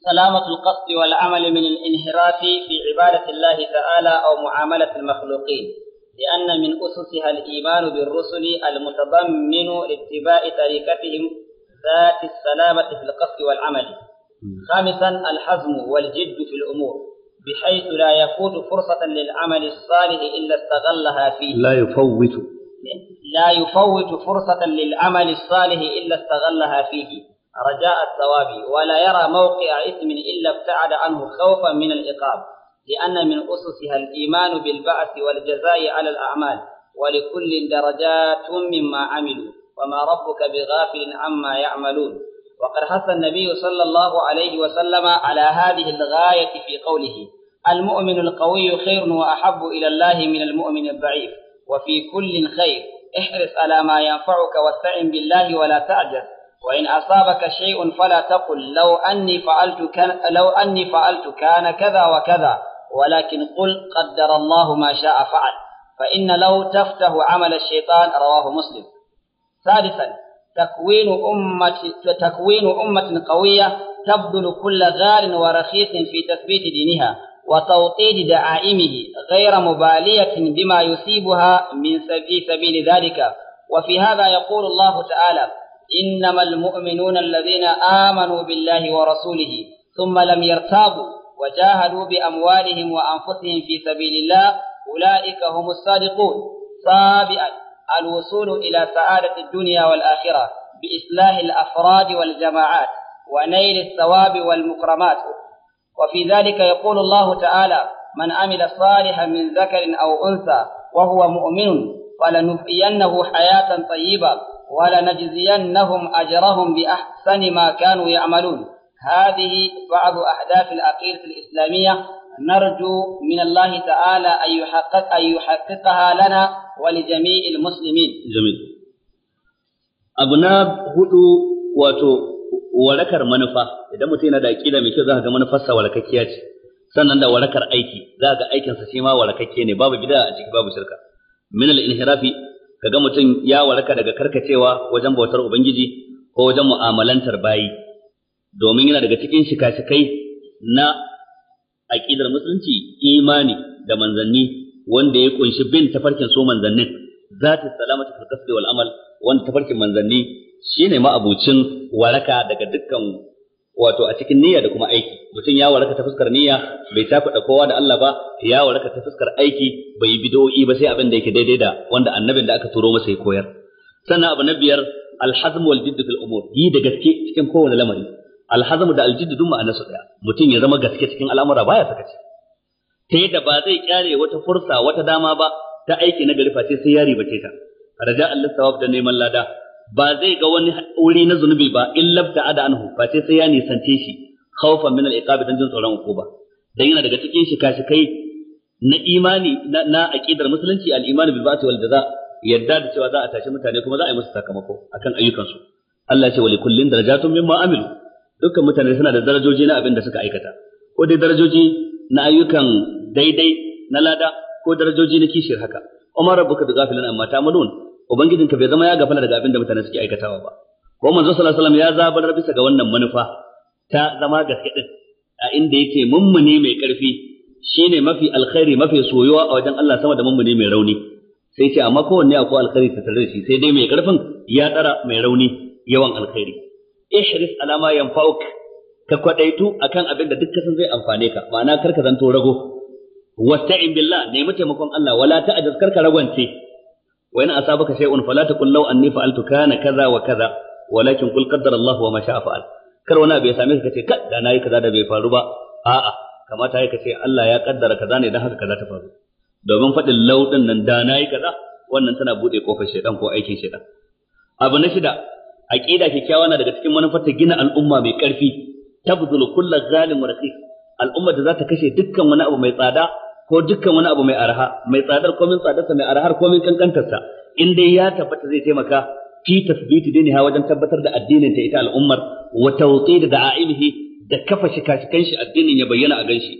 salamatul wal سلامة min al inhirafi fi ibadati allah ta'ala aw mu'amalat al makhluqin لأن من أسسها الإيمان بالرسل المتضمن لاتباع طريقتهم ذات السلامة في القصد والعمل خامسا الحزم والجد في الأمور بحيث لا يفوت فرصة للعمل الصالح إلا استغلها فيه لا يفوت لا يفوت فرصة للعمل الصالح إلا استغلها فيه رجاء الثواب ولا يرى موقع إثم إلا ابتعد عنه خوفا من العقاب لأن من أسسها الإيمان بالبعث والجزاء على الأعمال ولكل درجات مما عملوا وما ربك بغافل عما يعملون وقد حث النبي صلى الله عليه وسلم على هذه الغاية في قوله المؤمن القوي خير وأحب إلى الله من المؤمن الضعيف وفي كل خير احرص على ما ينفعك واستعن بالله ولا تعجز وإن أصابك شيء فلا تقل لو أني فعلت كان لو أني فعلت كان كذا وكذا ولكن قل قدر الله ما شاء فعل فإن لو تفته عمل الشيطان رواه مسلم ثالثا تكوين أمة تكوين أمة قوية تبذل كل غال ورخيص في تثبيت دينها وتوطيد دعائمه غير مبالية بما يصيبها من في سبيل ذلك وفي هذا يقول الله تعالى إنما المؤمنون الذين آمنوا بالله ورسوله ثم لم يرتابوا وجاهدوا بأموالهم وأنفسهم في سبيل الله أولئك هم الصادقون سابعا الوصول إلى سعادة الدنيا والآخرة بإصلاح الأفراد والجماعات ونيل الثواب والمكرمات وفي ذلك يقول الله تعالى من عمل صالحا من ذكر أو أنثى وهو مؤمن فلنحيينه حياة طيبة ولنجزينهم أجرهم بأحسن ما كانوا يعملون هذه بعض أحداث العقيدة الإسلامية نرجو من الله تعالى أن يحقق أن يحققها لنا ولجميع المسلمين. walakar manufa idan mutum yana da aƙida mai kyau za ka ga manufarsa walakakkiya ce sannan da walakar aiki za ka ga aikinsa shi ma walakakke ne babu gida a ciki babu shirka min al ka ga mutum ya walaka daga karkacewa wajen bautar ubangiji ko wajen mu'amalantar bayi domin yana daga cikin shika-shikai na aqidar musulunci imani da manzanni wanda ya kunshi bin tafarkin so manzannin zati salamatu fil wal amal wanda tafarkin manzanni shine ma'abucin waraka daga dukkan wato a cikin niyya da kuma aiki mutum ya waraka ta fuskar niyya bai kuɗa kowa da Allah ba ya waraka ta fuskar aiki bai yi ba sai abin da yake daidai da wanda annabin da aka turo masa ya koyar sannan abu na biyar alhazm wal jidd fil umur yi da gaske cikin kowane lamari alhazamu da aljiddu duk ma'anar su daya mutum ya zama gaske cikin al'amura baya sakaci ta yadda ba zai kyare wata fursa wata dama ba ta aiki na gari face sai ya ribace ta raja Allah sawab da neman lada ba zai ga wani wuri na zunubi ba illa da ada anhu face sai ya nisance shi khawfan min al-iqab dan jin tsoron hukuma dan yana daga cikin shi kashi kai na imani na aqidar musulunci al-iman bil ba'th wal jaza yadda da cewa za a tashi mutane kuma za a yi musu sakamako akan ayyukansu Allah ya ce wa likullin darajatun mimma amilu dukkan mutane suna da darajoji na abin da suka aikata ko dai darajoji na ayyukan daidai na lada ko darajoji na kishiyar haka umar rabbuka bi ghafilan amma ta'malun ubangijinka bai zama ya gafala daga abin da mutane suke aikatawa ba ko manzo sallallahu alaihi wasallam ya zabar bisa ga wannan manufa ta zama gaske din a inda yake mummuni mai karfi shine mafi alkhairi mafi soyuwa a wajen Allah sama da mummuni mai rauni sai ce amma kowanne akwai alkhairi ta tare shi sai dai mai karfin ya tsara mai rauni yawan alkhairi ihris alama yanfa'uk ka kwadaitu akan abin da duk san zai amfane ka ma'ana kar ka zanto rago wasta'in billah nemi taimakon Allah wala ta'jaz kar ka ragwance wa in asabaka shay'un fala taqul law anni fa'altu kana kaza wa kaza walakin qul qaddara Allah wa ma sha'a fa'al kar wani abu ya same ka kace kad da nayi kaza da bai faru ba a'a kamata ya kace Allah ya kaddara kaza ne dan haka kaza ta faru domin faɗin law nan da yi kaza wannan tana bude kofar shedan ko aikin shedan abu na shida aqida kyakkyawa na daga cikin manufar ta gina al'umma mai karfi tabzulu kullu zalim wa raqiq al'umma da za ta kashe dukkan wani abu mai tsada ko dukkan wani abu mai arha mai tsadar komin tsadarsa mai arhar komin kankantarsa in dai ya tabbata zai taimaka fi tasbiti diniha wajen tabbatar da addinin ta ita al'ummar wa tawqid da'aimihi da kafa shikashikan shi addinin ya bayyana a ganshi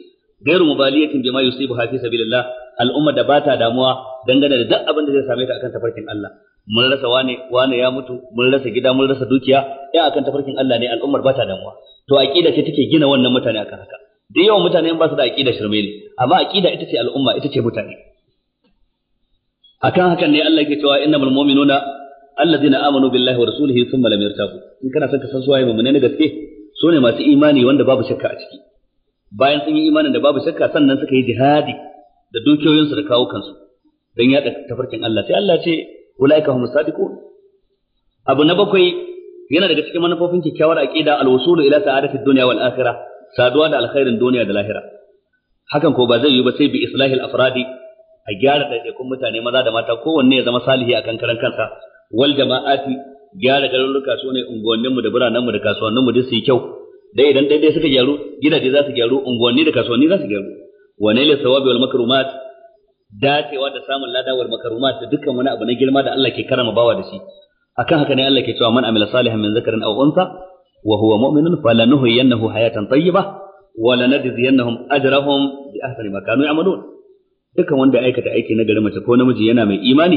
gairu mubaliyatin bima yusibu fi sabilillah al'umma da bata damuwa dangane da duk abin zai same ta akan tafarkin Allah mun rasa wane wane ya mutu mun rasa gida mun rasa dukiya ya akan tafarkin Allah ne al'ummar ba ta damuwa to aqida ce take gina wannan mutane akan haka da yawan mutane ba su da aqida shirme ne amma aqida ita ce al'umma ita ce mutane akan hakan ne Allah yake cewa innamal mu'minuna alladhina amanu billahi wa rasulihi thumma lam yartabu in kana son ka san suwaye mu ne gaske su ne masu imani wanda babu shakka a ciki bayan sun yi imanin da babu shakka sannan suka yi jihadi da dukiyoyinsu da kawo kansu don yaɗa tafarkin Allah sai Allah ce ulaika hum sadiqun abu na bakwai yana daga cikin manufofin kyakkyawar aqida al-wusul ila sa'adati dunya wal akhirah saduwa da alkhairin duniya da lahira hakan ko ba zai yi ba sai bi islahil afradi a gyara ɗaiɗaikun mutane maza da mata kowanne ya zama salihi akan karan kansa wal jama'ati gyara garuruka su ne unguwanninmu da biranenmu da kasuwanninmu duk su yi kyau dai idan daidai suka gyaru gidaje za su gyaru unguwanni da kasuwanni za su gyaru wa nailil sawabi wal makrumat dacewa da samun ladawar makaruma da dukkan wani abu na girma da Allah ke karama bawa da shi akan haka ne Allah ke cewa man amila salihan min zakarin aw unsa wa huwa mu'minun falanuhyiyannahu hayatan tayyibah wa lanajziyannahum ajrahum bi ahsani ma kanu ya'malun dukkan wanda ya aikata aiki na gari mace ko namiji yana mai imani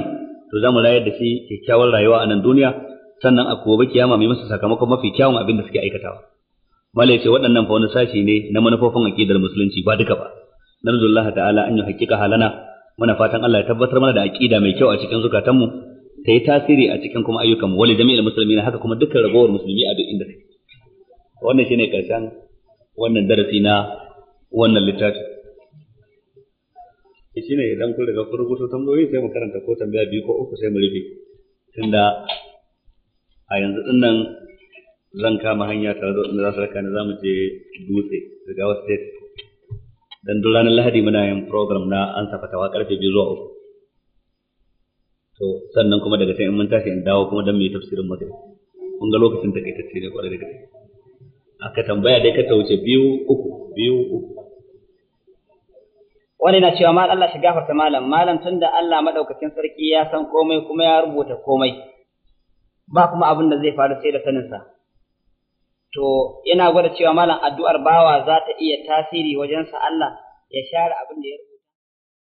to za mu rayar da shi kyakkyawar rayuwa a nan duniya sannan a gobe kiyama mai masa sakamakon mafi kyawun abin da suke aikatawa malai ce waɗannan fa wani sashi ne na manufofin aqidar musulunci ba duka ba narzullaha ta'ala an yi haqiqa halana muna fatan Allah ya tabbatar mana da aqida mai kyau a cikin zukatanmu ta yi tasiri a cikin kuma ayyukan mu wali jami'il muslimin haka kuma dukkan ragowar musulmi a duk inda suke wannan shine karshen wannan darasi na wannan littafi shine idan kun riga kun rubuta tambayoyi sai mu karanta ko tambaya biyu ko uku sai mu rufe tunda a yanzu din nan zan kama hanya tare da wanda za su raka ni za mu je dutse daga wasu state dan duk ranar lahadi muna yin program na an safa tawa karfe biyu zuwa uku to sannan kuma daga sai in mun tashi in dawo kuma dan mai tafsirin magana kun ga lokacin da kai tafsirin kwarai da gaske aka tambaya dai ka ta wuce biyu uku biyu uku wani na cewa mal Allah shi gafarta malam malam tunda Allah madaukakin sarki ya san komai kuma ya rubuta komai ba kuma abin da zai faru sai da saninsa to yana gwada cewa malam addu'ar bawa za ta iya tasiri wajen sa Allah ya share abin da ya rubuta